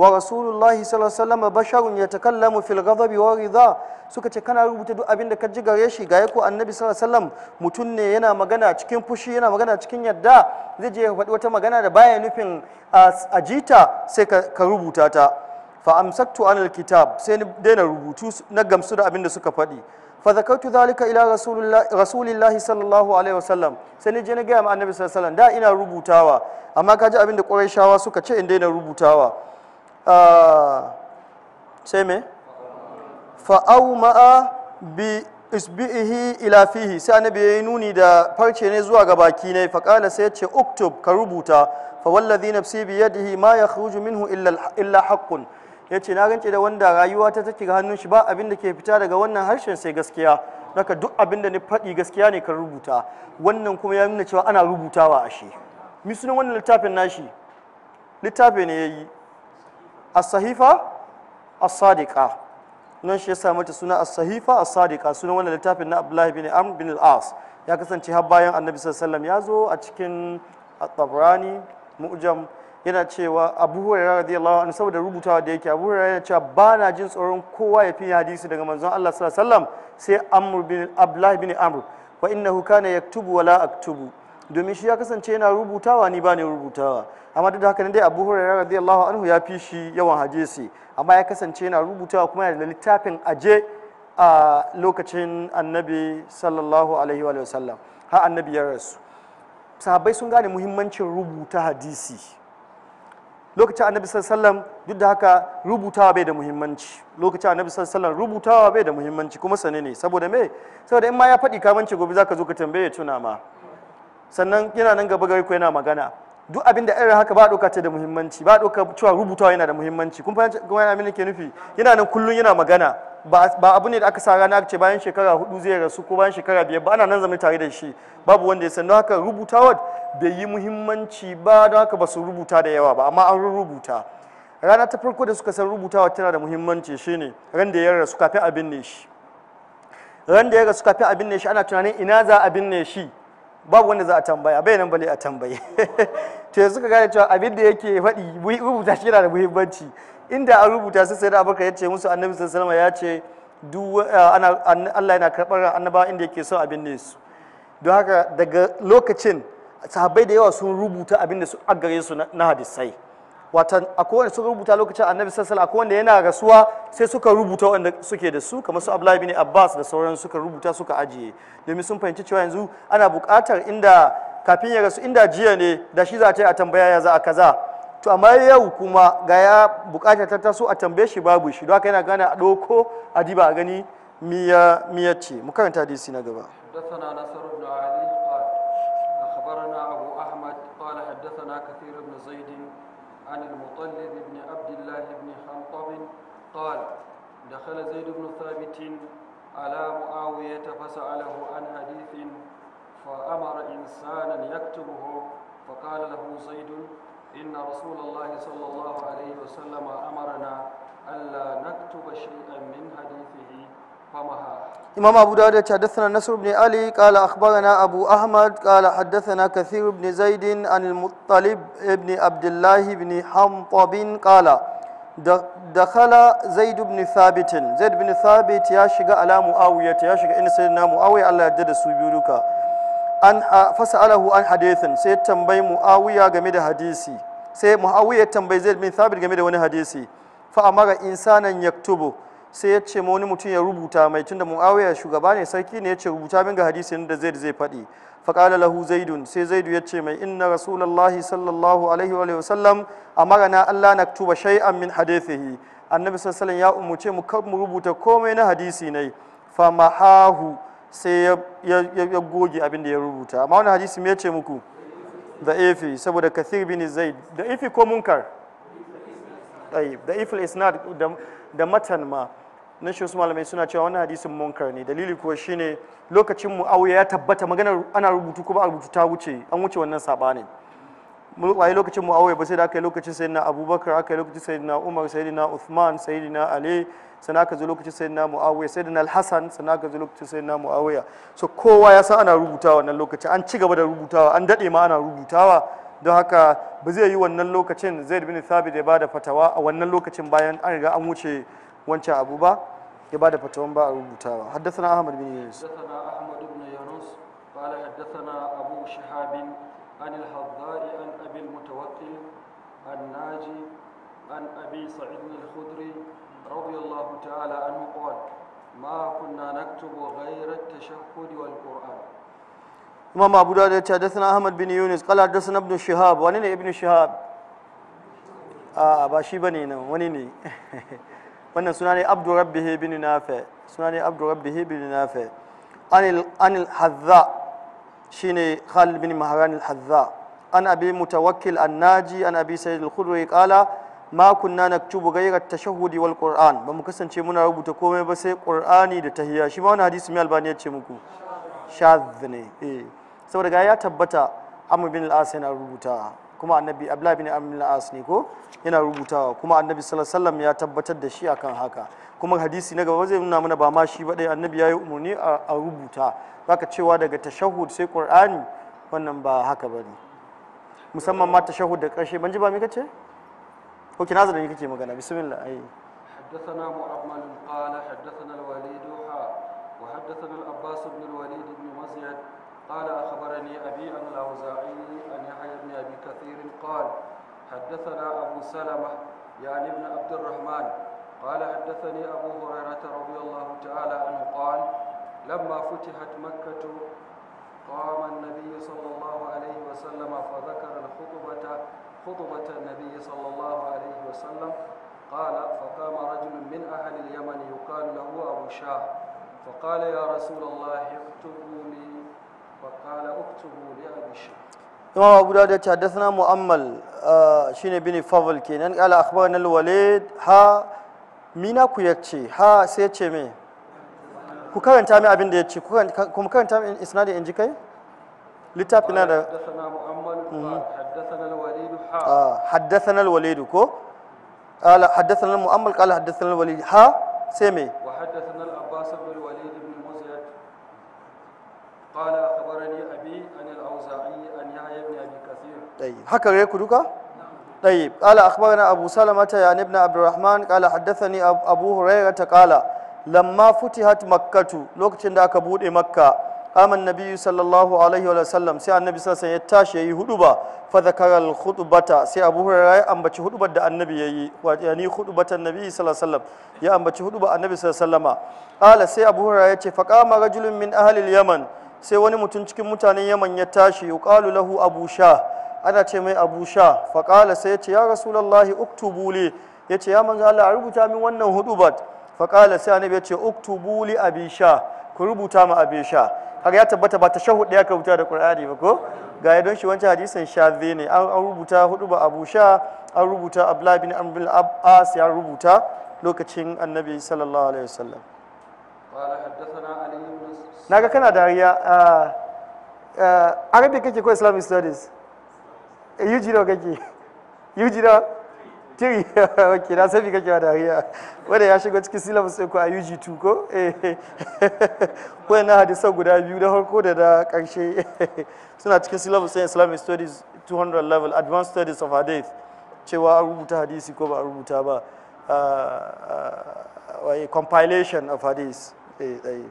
ورسول الله صلى الله عليه وسلم بشر يتكلم في الغضب والرضا سكت كان rubuta duk abin da ka ji gare shi ga ko annabi sallallahu mutum ne yana magana cikin fushi yana magana cikin yadda zai je ya faɗi wata magana da baya nufin ajita sai ka rubuta ta fa amsaktu anil kitab sai na daina rubutu na gamsu da abin da suka faɗi fa zakautu zalika ila rasulillahi sallallahu alaihi wasallam sai ni je na gaya ma annabi sallallahu alaihi wasallam da ina rubutawa amma kaji abin da quraishawa suka ce in daina rubutawa sai me fa ma'a bi isbihi ila fihi sai annabi yayi nuni da farce ne zuwa ga baki ne fa qala sai ya ce uktub ka rubuta fa wallazi nafsi bi yadihi ma yakhruju minhu illa illa haqqun ya ce na gance da wanda rayuwa ta take ga hannun shi ba abin da ke fita daga wannan harshen sai gaskiya naka duk abin da ni faɗi gaskiya ne kan rubuta wannan kuma ya nuna cewa ana rubutawa a shi mi sunan wannan littafin nashi littafi ne yayi as-sahifa as-sadiqa nan shi ya sa mata suna as-sahifa as-sadiqa sunan wannan littafin na Abdullahi bin Amr bin al-As ya kasance har bayan Annabi sallallahu alaihi wasallam ya zo a cikin at-Tabrani mu'jam yana cewa Abu Hurairah radiyallahu anhu saboda rubutawa da yake Abu Hurairah yana cewa ba na jin tsoron kowa ya fi hadisi daga manzon Allah sallallahu alaihi sai Amr bin Abdullah bin Amr wa innahu kana yaktubu wala aktubu domin shi ya kasance yana rubutawa ni ba ne rubutawa amma duk da haka ne dai Abu Hurairah radiyallahu anhu ya fi shi yawan hadisi amma ya kasance yana rubutawa kuma yana da littafin aje a lokacin annabi sallallahu alaihi wa sallam har annabi ya rasu sahabbai sun gane muhimmancin rubuta hadisi lokacin annabi sallallahu duk da haka rubutawa bai da muhimmanci lokacin annabi sallallahu rubutawa bai da muhimmanci kuma sane ne saboda me saboda in ma ya faɗi kamanci gobe zaka zo ka tambaye ya tuna ma sannan yana nan gaba gari ko yana magana duk abin da irin haka ba ɗauka ta da muhimmanci ba ɗauka cewa rubutawa yana da muhimmanci kun fahimci kuma yana mini ke nufi yana nan kullun yana magana ba abu ne da aka sa rana ce bayan shekara hudu zai rasu ko bayan shekara biyar ba ana nan zama tare da shi babu wanda ya sanu haka haka rubutawar bai yi muhimmanci ba don haka ba su rubuta da yawa ba amma an rubuta rana ta farko da suka san rubutawa tana da muhimmanci shine ran da ya rasu kafin a binne shi ran da ya rasu kafin a binne shi ana tunanin ina za a binne shi babu wanda za a tambaya bai nan bale a tambaye *laughs* to yanzu ka gane cewa abin da yake faɗi rubuta shi yana da muhimmanci inda an rubuta sai sai da abubakar ya ce musu annabi sallallahu alaihi ya ce duk Allah yana karɓar annabawa inda yake son abin ne su don haka daga lokacin sahabbai da yawa sun rubuta abin da su aggare su na hadisai watan akwai wanda suka rubuta lokacin annabi sallallahu akwai wanda yana rasuwa sai suka rubuta wanda suke da su kamar su Abdullahi bin Abbas da sauran suka rubuta suka ajiye domin sun fahimci cewa yanzu ana buƙatar inda kafin ya rasu inda jiya ne da shi za ta yi a tambaya ya za a kaza to amma yau kuma ga ya buƙatar ta taso a tambaye shi babu shi don haka yana gane a ɗauko a diba a gani miya miya ce mu karanta hadisi na gaba حدثنا نصر بن ali قال akhbarana abu ahmad qala حدثنا kathir عن المطلب بن عبد الله بن حنطب قال دخل زيد بن ثابت على معاوية فسأله عن حديث فأمر إنسانا يكتبه فقال له زيد إن رسول الله صلى الله عليه وسلم أمرنا ألا نكتب شيئا من حديثه إمام أبو داود حدثنا نصر بن علي قال أخبرنا أبو أحمد قال حدثنا كثير بن زيد عن المطلب بن عبد الله بن حمطب قال دخل زيد بن ثابت زيد بن ثابت يا شيخ على معاوية يا شيخ إن سيدنا معاوية الله يجد سبيلك an fasa'alahu an hadithin sai tambayi muawiya game da hadisi sai muawiya tambayi zaid bin thabit game da wani hadisi fa sai ya ce ma wani mutum ya rubuta mai tunda muawiya shugaba ne sarki ne ya ce rubuta min ga hadisin da zai faɗi faƙala lahu zaidun sai zaidu ya ce mai inna rasulallahi sallallahu alaihi wa sallam na allah na shai shay'an min hadithihi annabi sallallahu ya umuce mu mu rubuta komai na hadisi ne fa mahahu sai ya goge abin da ya rubuta amma wani hadisi me ya ce muku da ifi saboda kathir bin zaid da ifi ko munkar da ifil isnad da matan ma na shi wasu malamai suna cewa wannan hadisin munkar ne dalili kuwa shine lokacin muawiya ya tabbata maganar ana rubutu kuma a rubutu ta wuce an wuce wannan sabanin waye lokacin muawiya ba sai da aka yi lokacin sayyidina abubakar aka yi lokacin sayyidina umar sayyidina uthman sayyidina ali sannan aka zo lokacin sayyidina muawiya sayyidina al-hasan sannan aka zo lokacin sayyidina muawiya so kowa ya san ana rubutawa wannan lokacin an ci gaba da rubutawa an dade ma ana rubutawa don haka ba zai yi wannan lokacin zaid bin thabit ya bada fatawa a wannan lokacin bayan an riga an wuce wancan abu ba ya da fatawan ba a rubutawa haddathana ahmad bin yunus haddathana ahmad ibn yunus qala haddathana abu shihab an al-haddari an abi al-mutawakkil an-naji an abi sa'id al-khudri radiyallahu ta'ala anhu qala ما كنا نكتب غير التشهد والقرآن إمام أبو داود حدثنا أحمد بن يونس قال حدثنا ابن شهاب ونين ابن شهاب آه باشي بنينا ونيني wannan suna ne abdu rabbihi bin suna ne abdu bin anil anil hadza shine khalid bin mahran al an abi mutawakkil an naji an abi sayyid al Kala, makon ma kunna naktubu gaira ta shahudi wal qur'an ba mu kasance muna rubuta komai ba sai ƙurani da tahiya. shi ma wani hadisi mai albani ce muku shaz ne eh saboda ga ya tabbata amr bin al rubuta kuma annabi abdullahi bin amr as ne ko yana rubutawa kuma annabi sallallahu ya tabbatar da shi akan haka kuma hadisi na gaba zai nuna mana ba ma shi ba dai annabi yayi umarni a rubuta zaka cewa daga tashahhud sai qur'ani wannan ba haka bane musamman ma tashahhud da karshe ban ji ba me kace ko na da ni kake magana bismillah ai حدثنا مؤمل قال حدثنا الوليد وحدثنا العباس بن الوليد بن مزيد قال أخبرني أبي عن الأوزاعي عن يحيى بن أبي كثير قال حدثنا أبو سلمة يعني ابن عبد الرحمن قال حدثني أبو هريرة رضي الله تعالى عنه قال لما فتحت مكة قام النبي صلى الله عليه وسلم فذكر الخطبة خطبة النبي صلى الله عليه وسلم قال فقام رجل من أهل اليمن يقال له أبو شاه فقال يا رسول الله اكتبوا لي وقال اكتبوا لأبي الشيخ إمام أبو داود حدثنا مؤمل آه شين بن فضل كينان قال أخبرنا الوليد ها مينا كويكشي ها سيتشي مي كوكان تامي أبن ديتشي كوكان تامي إسنادي إنجي كي لتابنا دا حدثنا مؤمل حدثنا الوليد ها آه حدثنا الوليد كو قال حدثنا المؤمل قال حدثنا الوليد ها سيمي وحدثنا العباس بن الوليد قال أخبرني أبي عن الأوزاعي عن يحيى بن أبي كثير طيب هكا غير كدوكا طيب قال أخبرنا أبو سلمة يعني ابن عبد الرحمن قال حدثني أبو هريرة قال لما فتحت مكة لوكتين دا كبود مكة قام النبي صلى الله عليه وسلم سي النبي صلى الله عليه وسلم يتاشي يهدبا فذكر الخطبة سي أبو هريرة أنبتش هدبة دا النبي يعني خطبة النبي صلى الله عليه وسلم يا أنبتش هدبة النبي صلى الله عليه وسلم قال سي أبو هريرة فقام رجل من أهل اليمن sai wani mutum cikin mutanen yaman ya tashi ƙalu lahu abu sha ana ce mai abu sha faƙala sai ya ce ya rasulallahi uktubu ya ce ya manzo Allah a rubuta min wannan hudubat faƙala sai annabi ya ce uktubuli abi sha ku rubuta ma abi sha har ya tabbata ba tashahhud ɗaya ka rubuta da Qur'ani ba ko ga don shi wancan hadisin shadhi ne an rubuta huduba abu sha an rubuta abla bin amr bin abbas ya rubuta lokacin annabi sallallahu alaihi wasallam na ga kana dariya a ah, ah, arabic kake ko islamic studies eh, ug nawa kake ug *laughs* nawa tiri *laughs* ok na sabi kake wa dariya wadda ya shigo cikin syllabus ko eh, a ug2 *laughs* ko na hadisa guda biyu da harko da da karshe suna cikin syllabus ɗin islamic studies 200 level advanced studies of hadith cewa a rubuta hadisi ko ba a rubuta ba ah, compilation of hadith اي طيب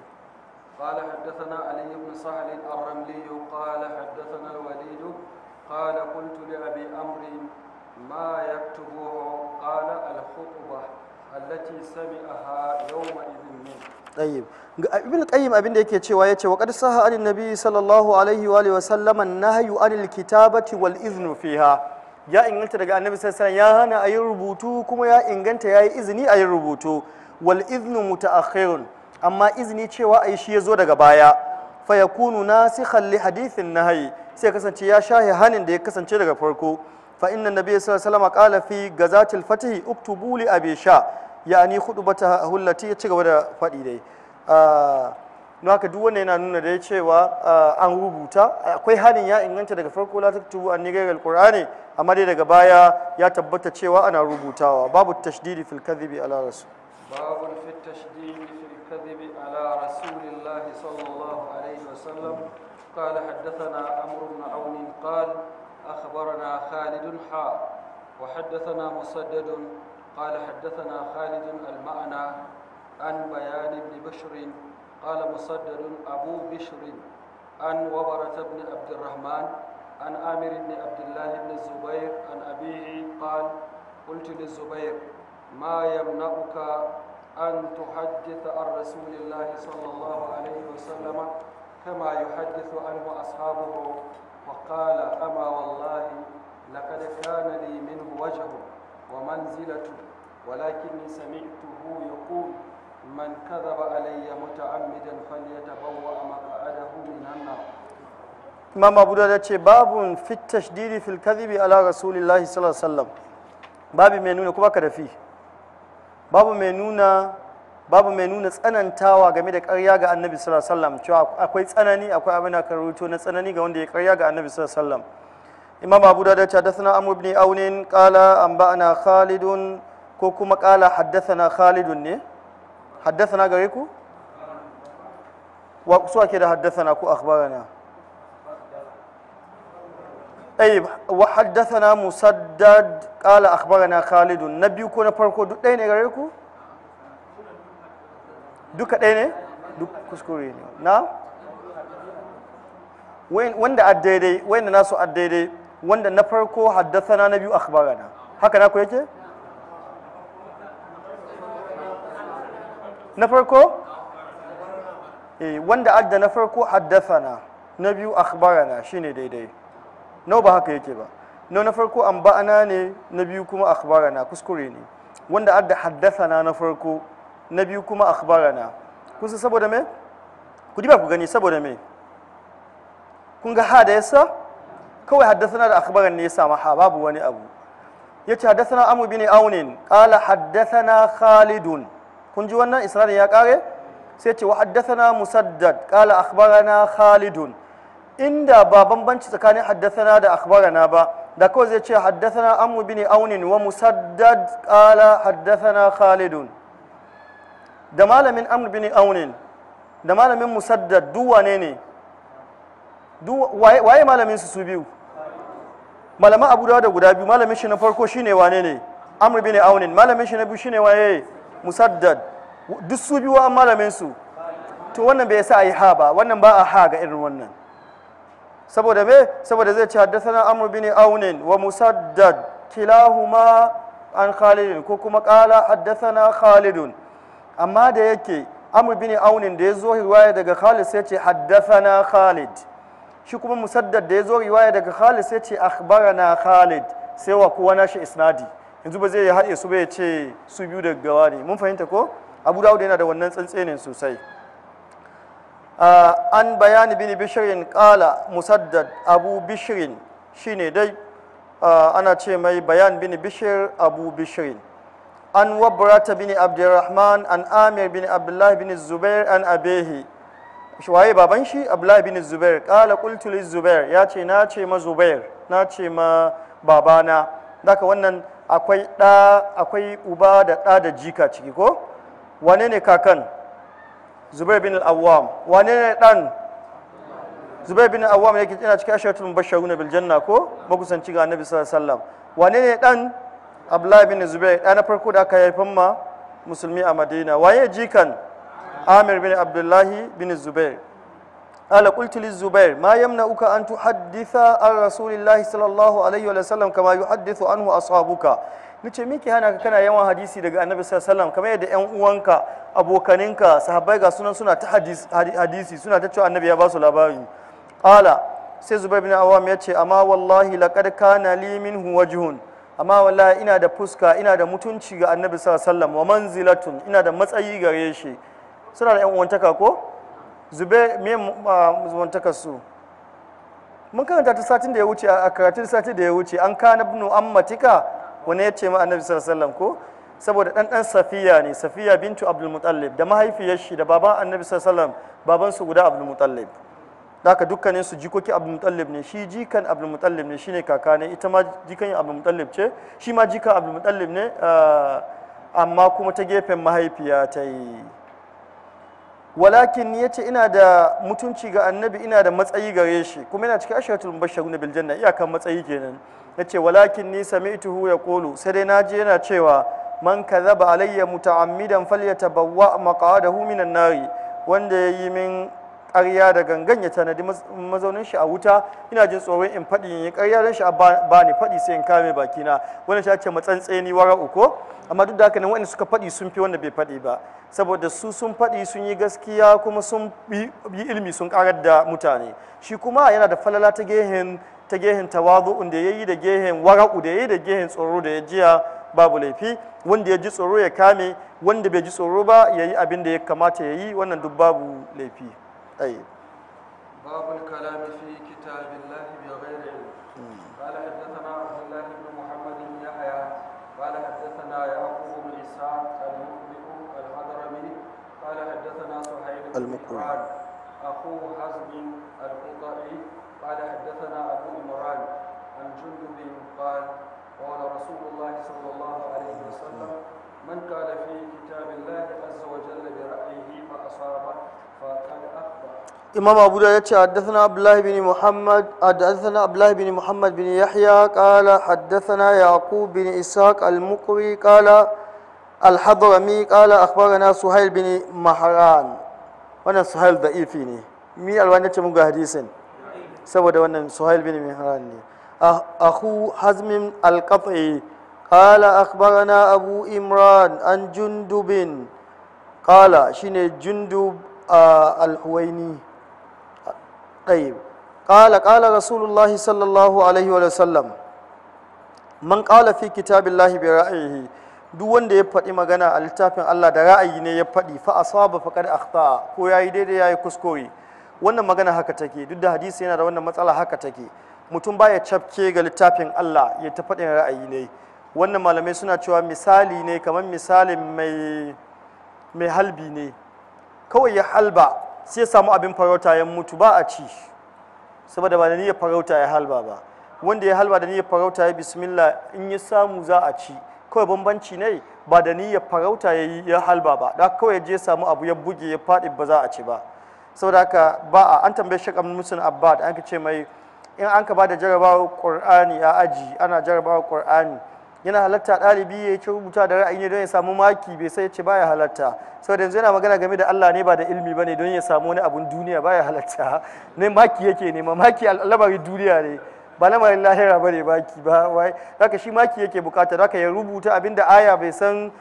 قال حدثنا علي بن سهل الرملي قال حدثنا الوليد قال قلت لأبي أمر ما يكتبه قال الخطبة التي سمعها يومئذ منه طيب ibn qayyim abin da yake cewa yace wa qad saha an nabi sallallahu alaihi wa alihi wa sallama nahyu anil kitabati wal iznu fiha ya inganta daga annabi sallallahu alaihi ya hana ayin rubutu kuma ya inganta yayi izini ayin rubutu wal iznu mutaakhirun amma izini cewa a yi shi ya zo daga baya faya na si si halli hadithin hayi sai kasance ya shahe hanin da ya kasance daga farko fa inna nabiyyi sallallahu alaihi wasallam qala fi gazatil fatih uktubuli abi sha yani khutbatahu allati ya ci gaba da fadi dai ah, haka duk wanda yana nuna da cewa ah, an rubuta akwai hanin ya inganta daga farko la taktubu an nigar qur'ani amma dai daga baya ya tabbata cewa ana rubutawa babu tashdidi fil kadhibi ala babu tashdidi على رسول الله صلى الله عليه وسلم قال حدثنا أمر بن عون قال أخبرنا خالد حا وحدثنا مسدد قال حدثنا خالد المعنى عن بيان بن بشر قال مسدد أبو بشر عن وبرة بن عبد الرحمن عن عامر بن عبد الله بن الزبير عن أبيه قال قلت للزبير ما يمنعك أن تحدث عن رسول الله صلى الله عليه وسلم كما يحدث عنه أصحابه وقال أما والله لقد كان لي منه وجه ومنزلة ولكني سمعته يقول من كذب علي متعمدا فليتبوأ مقعده من النار Imam Abu da ce babun fit tashdidi fil kadhibi ala rasulillahi sallallahu alaihi wasallam babi mai nuna kuma ka dafi babu mai nuna babu mai nuna tsanantawa game da ƙarya ga annabi sallallahu alaihi wasallam cewa akwai tsanani akwai abin da karuto na tsanani ga wanda ya ƙarya ga annabi sallallahu alaihi wasallam imam abu da ta dasna amr ibn aun qala anba'ana khalidun ko kuma qala haddathana khalidun ne haddathana gare ku wa su ake da haddathana ko akhbarana طيب وحدثنا مسدد قال اخبرنا خالد النبي كنا فرقو دو ديني غريكو دو كديني دك كسكوري نعم وين وين ده الديدي وين ناسو الديدي وين ده نفرقو حدثنا النبي اخبرنا هكا ناكو يكي na farko eh wanda adda na farko haddathana na biyu akhbarana shine daidai no ba haka yake ba na na farko an ba'ana ne na biyu kuma na kuskure ne wanda adda haddasa na farko na biyu kuma akhbarana na kusa saboda me ku diba ku gani saboda me kun ga ha da yasa kawai haddathana da akhbaran ne yasa ma ha babu wani abu yace haddathana amu bin aunin qala haddathana khalidun kun ji wannan isra'il ya kare sai ce wa haddathana musaddad qala akhbarana khalidun inda ba bambanci tsakanin haddathana da akhbarana ba da kawai zai ce haddathana amru ne aunin wa musaddad kala haddathana khalidun da malamin amru ne aunin da malamin musaddad duwa ne ne waye malamin su su biyu malama abu da guda biyu malamin shi na farko shi ne wane ne amru ne aunin malamin shi na biyu shi ne waye musaddad duk su biyu malamin su to wannan bai sa a yi ha ba wannan ba a ha ga irin wannan saboda me saboda zai ce haddathana amr bin aunin wa musaddad kilahuma an Khalidun ko kuma qala haddathana khalidun amma da yake amr bin aunin da ya zo riwaya daga khalid sai ce haddathana khalid shi kuma musaddad da ya zo riwaya daga khalid sai ce akhbarana khalid sai wa kowa nashi isnadi yanzu ba zai haɗe su ba ya ce su biyu daga gawa ne mun fahimta ko abu dawud yana da wannan tsantsenin sosai an bayani bini bishirin kala musaddad abu bishirin shine dai ana ce mai bayan bini bishir abu bishirin an wabrata bini abdurrahman an amir bini abdullahi bini zubair an abehi waye baban shi abdullahi bini zubair kala qultu zubair ya ce na ce ma zubair na ce ma babana daka wannan akwai akwai uba da ɗa da jika ciki ko wane ne kakan zubair bin al wane ne dan zubair bin al-awwam yake yana cikin asharatul mubashshiruna bil janna ko makusanci ga annabi sallallahu alaihi wasallam wane ne dan abdullahi bin zubair ɗa na farko da aka haifan ma musulmi a madina waye jikan amir bin abdullahi bin zubair ala qultu liz zubair ma yamna'uka an tuhadditha an rasulillahi sallallahu alaihi wa sallam kama yuhaddithu anhu ashabuka ni ce miki hana ka kana yawan hadisi daga annabi sallallahu alaihi wasallam kamar yadda yan uwanka abokaninka sahabbai ga sunan suna ta hadisi suna ta cewa annabi ya ba su labari qala sai zubair bin awam ya ce amma wallahi laqad kana li minhu wajhun amma wallahi ina da fuska ina da mutunci ga annabi sallallahu alaihi wasallam wa manzilatun ina da matsayi gare shi suna da yan uwantaka ko zubair me uwantaka su mun karanta ta satin da ya wuce a karatun satin da ya wuce an kana ibnu ammatika wani ya ce ma annabi sallallahu alaihi wasallam ko saboda dan dan safiya ne safiya bintu abdul mutallib da mahaifiyar shi da baban annabi sallallahu alaihi wasallam baban su guda abdul mutallib haka dukkanin su jikoki abdul mutallib ne shi jikan abdul mutallib ne shine kaka ne ita ma jikan abdul mutallib ce shi ma jikan abdul mutallib ne ah, amma kuma ta gefen mahaifiya ta yi walakin ya ce ina da mutunci ga annabi ina da matsayi gare shi kuma yana cikin ashiratul mubashshirun bil janna iyakan matsayi kenan ya ce walakin ni ya kolu sai dai na naji yana cewa man zaba alayya muta'ammidan makawa maq'adahu minan nari wanda ya yi min ƙarya da gangan ya tanadi mazaunin shi a wuta ina jin tsoron in faɗi in yi ƙarya don shi ba ni faɗi sai in kame bakina wanda shi ce matsantseni wara uku amma duk da haka nan waɗanda suka faɗi sun fi wanda bai faɗi ba saboda su sun faɗi sun yi gaskiya kuma sun yi ilimi sun karar da mutane shi kuma yana da falala ta gehen ta gehen tawazu'un da yayi da gehen wara'u da yayi da gehen tsoro da ya jiya babu laifi wanda ya ji tsoro ya kame wanda bai ji tsoro ba yayi abin da ya kamata yayi wannan duk babu laifi طيب باب الكلام في كتاب قال حدثنا عبد الله بن محمد بن يحيى قال حدثنا يعقوب بن اسحاق المقبئ قال حدثنا بن اخوه حزم قال حدثنا أبو مران عن جندب قال قال رسول الله صلى الله عليه وسلم من قال في كتاب الله عز وجل برأيه فأصابه فقد أخطأ إمام أبو داود حدثنا عبد الله بن محمد حدثنا عبد الله بن محمد بن يحيى قال حدثنا يعقوب بن إسحاق المقري قال الحضرمي قال أخبرنا سهيل بن مهران وأنا سهيل ضعيفيني مي الوان تمغى حديثين saboda wannan suhail bin mihran ne akhu hazmin alqat'i qala akhbarana abu imran an jundubin qala shine jundub alhuwaini طيب قال قال rasulullahi sallallahu alaihi wa sallam man ƙala fi kitabillahi bi ra'ayi. duk wanda ya faɗi magana a littafin Allah da ra'ayi ne ya faɗi fa asaba faqad akhta ko yayi daidai yayi kuskure wannan magana haka take duk da hadisi yana da wannan matsala haka take mutum baya cafke ga littafin Allah ya ta faɗin ra'ayi ne wannan malamai suna cewa misali ne kamar misalin mai mai halbi ne kawai ya halba sai ya samu abin farauta ya mutu ba a ci saboda ba da niyyar farauta ya halba ba wanda ya halba da niyyar farauta ya bismillah in ya samu za a ci kawai bambanci ne ba da niyyar farauta ya halba ba da kawai je samu abu ya buge ya faɗi ba za a ci ba saboda aka ba a an tambaye shi kamar musulun abba da an ce mai in an ka ba da jarabawa qur'ani a aji ana jarabawa qur'ani yana halatta ɗalibi ya ce rubuta da ra'ayi ne don ya samu maki bai sai ya ce baya halatta saboda yanzu yana magana game da Allah ne ba da ilmi bane don ya samu wani abun duniya baya halatta ne maki yake ne ma maki alamari duniya ne ba lamarin lahira bane maki ba wai haka shi maki yake bukata haka ya rubuta abinda aya bai san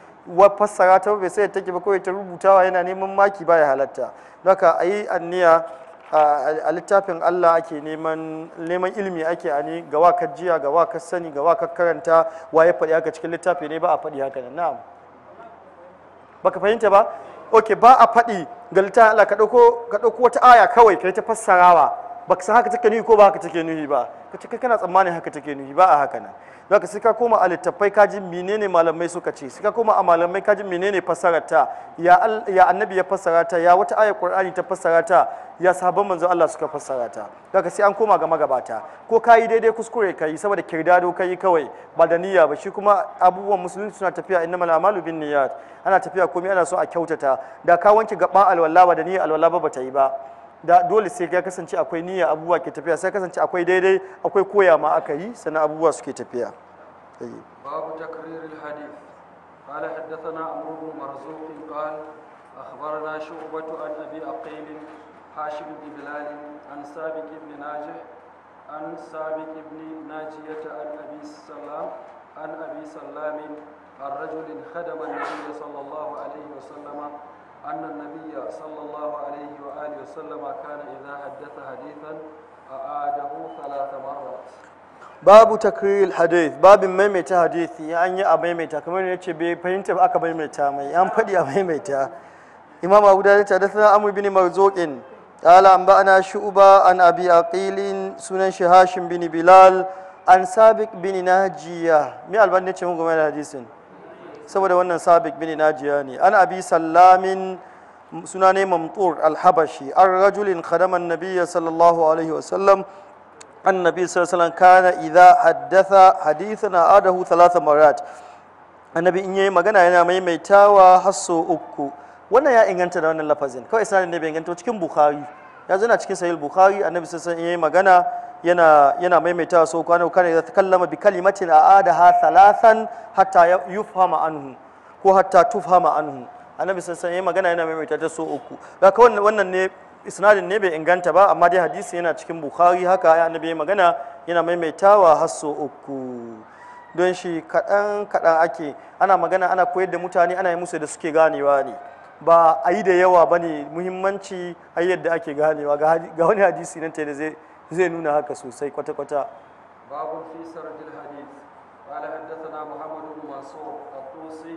fassara ta bai sai take ba kawai ta rubutawa yana neman maki baya halatta haka a yi anniya a littafin Allah ake neman ilimi ake ani ga wa jiya ga wa sani ga wa karanta wa ya faɗi haka cikin littafi ne ba a faɗi haka nan na'am baka fahimta ba ok ba a faɗi ga littafin Allah ka ɗauko wata aya kawai kai ta fassarawa baka san haka take nuhi ko ba haka take nuhi ba ka ce kana tsammanin haka take nuhi ba a haka nan haka sai ka koma a littattafai kaji menene malamai suka ce sai ka koma a malamai kaji menene fassara ta ya annabi ya fassara ta ya wata ayar qur'ani ta fassara ta ya sahabban manzo Allah suka fassara ta sai an koma ga magabata ko ka yi daidai kuskure kai saboda kirdado kai kawai ba da niyya ba shi kuma abubuwan musulunci suna tafiya innamal amalu bin niyyat ana tafiya komai ana so a kyautata da ka wanke gaba alwala ba da niyya alwala ba ta yi ba da dole sai ya kasance akwai niyya abubuwa ke tafiya sai kasance akwai daidai akwai koya ma aka yi sannan abubuwa suke tafiya babu takriril hadith قال حدثنا عمرو بن مرزوق قال أخبرنا شعبة عن أبي عقيل حاشم بن بلال عن سابق بن ناجح عن سابق بن ناجية عن أبي سلام عن أبي سلام عن رجل خدم النبي صلى الله عليه وسلم أن النبي صلى الله عليه وآله وسلم كان إذا حدث حديثا أعاده ثلاث مرات babu takrir hadith babin maimaita hadisi an yi a maimaita kamar ya ce bai fahimta aka maimaita mai an faɗi a maimaita imam abu da ta dasana amur bin marzokin qala an ba'ana shu'ba an abi aqilin sunan shi hashim bin bilal an sabiq Bini najiya mi alban ne ce mun game da hadisin saboda wannan sabik bin najiya ne an abi sallamin suna ne mamtur alhabashi an rajulin khadaman nabiya sallallahu alaihi wasallam an nabi sallallahu kana idha haddatha hadithan adahu thalatha marat annabi in yayi magana yana maimaitawa hasso uku wannan ya inganta da wannan lafazin kawai sanin ne bai inganta cikin bukhari ya zana cikin sahih bukhari annabi sallallahu alaihi wasallam yayi magana yana yana maimaita so kana kana ta kallama bi kalimatin aadaha thalathan hatta yufhama anhu ko hatta tufhama anhu annabi sallallahu alaihi magana yana maimaita ta so uku ga wannan wannan ne isnadin ne bai inganta ba amma dai hadisi yana cikin bukhari haka ya annabi magana yana maimaitawa har so uku don shi kaɗan kaɗan ake ana magana ana koyar da mutane ana yi musu da suke ganewa ne ba a yi da yawa ba ne muhimmanci a yadda ake ganewa ga wani hadisi nan ta da zai zai nuna haka sosai kwata-kwata babun fi sarjil hadis qala haddathana muhammad ibn mansur at-tusi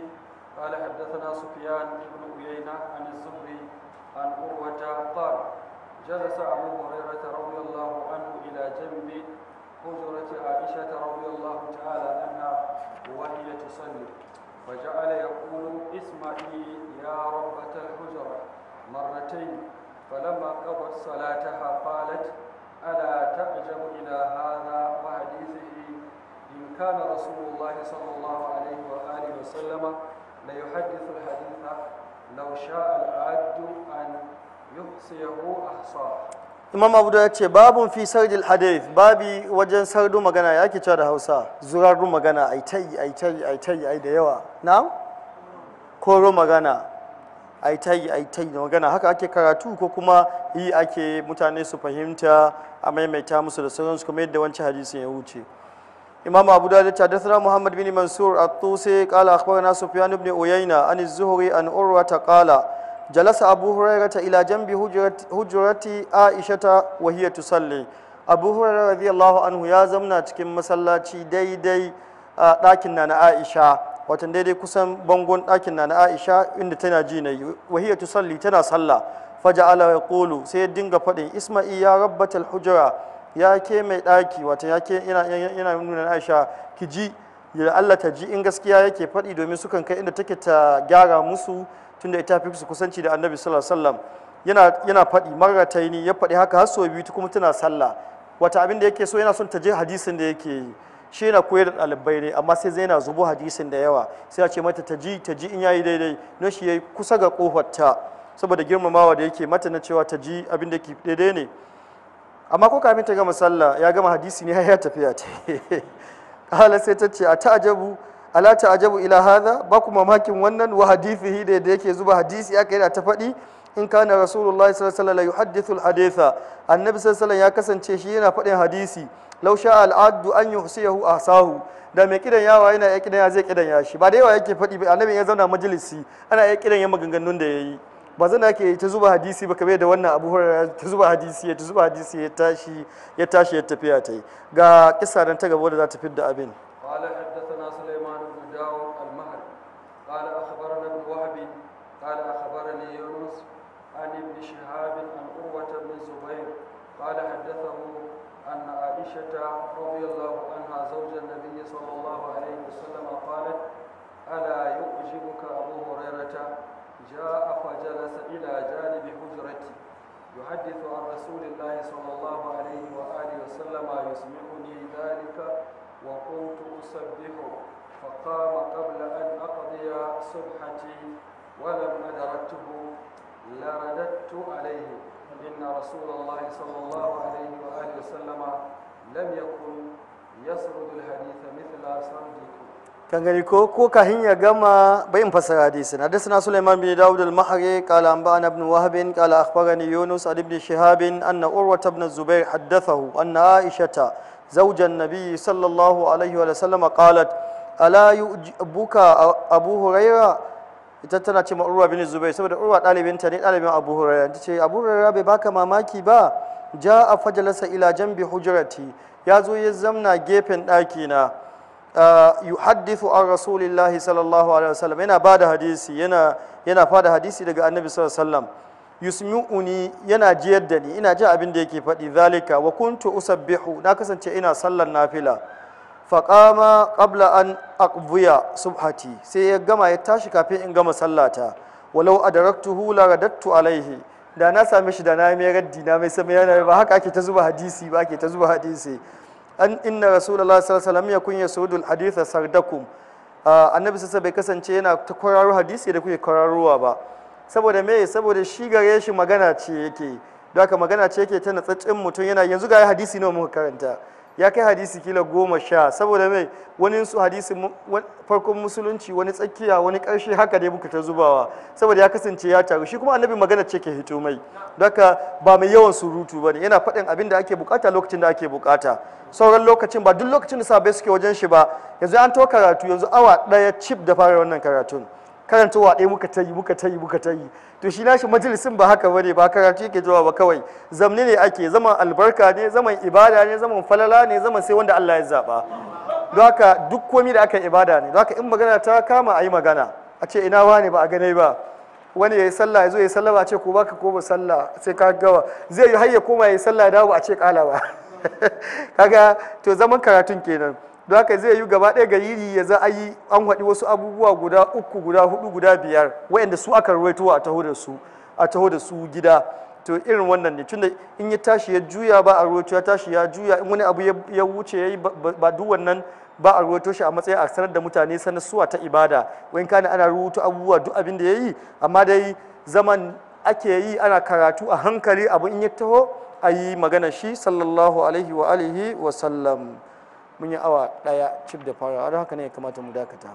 qala haddathana sufyan ibn uyayna an zubri an urwata qala jalasa ta hurairah radiyallahu anhu ila janbi حجرت عائشة رضي الله تعالى عنها وهي تصلي فجعل يقول اسمعي يا ربة الحجرة مرتين فلما قضت صلاتها قالت ألا تعجب إلى هذا وحديثه إن كان رسول الله صلى الله عليه وآله وسلم ليحدث الحديث لو شاء العد أن يحصيه أحصاه Imam Abu ya ce babun fi sardil hadith babi wajen sardu magana ya ke da Hausa zurarru magana ai tai ai ai ai da yawa na koro magana ai ta yi ai ta yi magana haka ake karatu ko kuma yi ake mutane su fahimta a maimaita musu da sauran su kuma yadda wancan hadisin ya wuce imam abu da ta dasara muhammad bin mansur a tose kala akwai na sufiyan ibn uyaina an zuhri an urwa ta kala jalasa abu ta ila jambi hujurati aisha ta wahiyar tusalli abu huraira radiyallahu anhu ya zamna cikin masallaci daidai a ɗakin na na aisha wata daidai kusan bangon ɗakin na na aisha inda tana ji na yi wahiyar tusalli tana sallah faja ala ya sai ya dinga faɗin isma'i ya rabbata hujura ya ke mai ɗaki wata ya ke yana nuna na aisha ki ji ya allah ta ji in gaskiya yake faɗi domin sukan kai inda take ta gyara musu tunda ita fi su kusanci da annabi sallallahu alaihi wasallam yana faɗi marataini ya faɗi haka har sau biyu kuma tana sallah wata abin da yake so yana son ta je hadisin da yake yi shi na koyar da ɗalibai ne amma sai zai na zubo hadisin da yawa sai a ce mata ta ji ta ji in yayi daidai na shi yayi kusa ga kofar ta saboda girmamawa da yake mata na cewa ta ji abin da ke daidai ne amma ko kafin ta gama sallah ya gama hadisi ne *laughs* ya tafiya ta kala sai ta ce a ta'ajabu ala ta'ajabu ila hadha ba ku mamakin wannan wa hadithihi da yake zuba hadisi aka da ta faɗi in kana rasulullahi sallallahu alaihi wasallam la yuhaddithu alhaditha annabi sallallahu ya kasance shi yana faɗin hadisi lau sha al'addu an a sahu da mai kidan yawa yana ya kidan ya zai kidan ya shi ba da yawa yake faɗi ba annabi ya zauna majalisi ana ya kidan ya maganganun da ya yi, ba zan ake ta zuba hadisi ba kabe da wannan abu ta zuba hadisi ya ta zuba hadisi ya tashi ya tashi ya tafiya ta yi ga kisa ta gabo da za ta fidda abin قام قبل أن أقضي ولم أدركته لرددت عليه إن رسول الله صلى الله عليه وآله وسلم لم يكن يسرد الحديث مثل سردكم kan gani ko ko kahin ya gama bayin fasara hadisin hadisna Sulaiman bin Dawud al-Mahri qala anba'ana ibn Wahb qala akhbarani Yunus ibn Shihab anna Urwa ibn Zubair haddathahu anna Aisha zawj an-nabi sallallahu alayhi wa sallam ala buka abu huraira ita tana ce ma urwa bin zubair saboda urwa ɗalibinta ne ɗalibin abu huraira ta ce abu huraira bai baka mamaki ba ja a fajalasa ila jambi hujrati ya zo ya zamna gefen ɗakina yuhaddithu an rasulillahi sallallahu alaihi wasallam yana bada hadisi yana yana fada hadisi daga annabi sallallahu alaihi wasallam yusmi'uni yana jiyar da ni ina jin abin da yake faɗi zalika wa kuntu usabbihu na kasance ina sallar nafila faƙama ƙabla an aqbuya subhati sai ya gama ya tashi kafin in gama sallata walau hula la radattu alaihi da na same shi da na mai raddi na mai sami yana ba haka ake ta zuba hadisi ba ake ta zuba hadisi an inna rasulullah sallallahu alaihi ya yakun sudul haditha sardakum annabi sassa bai kasance yana ta kwararo hadisi da kuke kwararowa ba saboda me saboda shi gare shi magana ce yake don haka magana ce yake ta natsaccen mutum yana yanzu ga hadisi nawa muka karanta ya kai hadisi kila goma sha saboda mai wani hadisi farkon musulunci wani tsakiya wani karshe haka dai muka ta zubawa saboda ya kasance ya taru shi kuma annabi magana ce ke hito mai daga ba mai yawan surutu bane yana faɗin abin da ake bukata lokacin da ake bukata sauran lokacin ba duk lokacin da sabai suke wajen shi ba yanzu an to karatu yanzu awa ɗaya cif da fara wannan karatun karantowa ɗaya muka ta yi muka ta yi muka ta yi to shi nashi majalisin ba haka bane ba karatu yake jawa ba kawai zamne ne ake zaman albarka ne zaman ibada ne zaman falala ne zaman sai wanda Allah ya zaba don haka duk komai da aka ibada ne don haka in magana ta kama a yi magana a ce ina wane ba a gane ba wani ya yi sallah ya zo ya yi sallah ba a ce ko baka ko ba sallah sai ka gawa zai yi har ya koma ya yi sallah dawo a ce kala ba *laughs* kaga to zaman karatun kenan don haka zai yi gaba ɗaya gariri ya za a yi an haɗi wasu abubuwa guda uku guda hudu guda biyar waɗanda su aka rawaito a taho da su a taho da su gida to irin wannan ne tunda in ya tashi ya juya ba a rawaito ya tashi ya juya in wani abu ya wuce ya yi ba duk wannan ba a rawaito shi a matsayin a sanar da mutane sanar suwa ta ibada wani kana ana rubuta abubuwa duk abin da ya yi amma dai zaman ake yi ana karatu a hankali abu in ya taho a yi magana shi sallallahu alaihi wa alihi wa sallam mun yi awa daya cif da fara har haka ne ya kamata mu dakata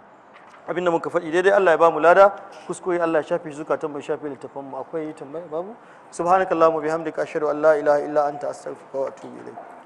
abin da muka faɗi daidai Allah ya bamu lada kuskure Allah ya shafe ta mu shafe littafan mu akwai tambaya babu subhanakallahumma bihamdika ashhadu an la ilaha illa anta astaghfiruka wa atubu ilaik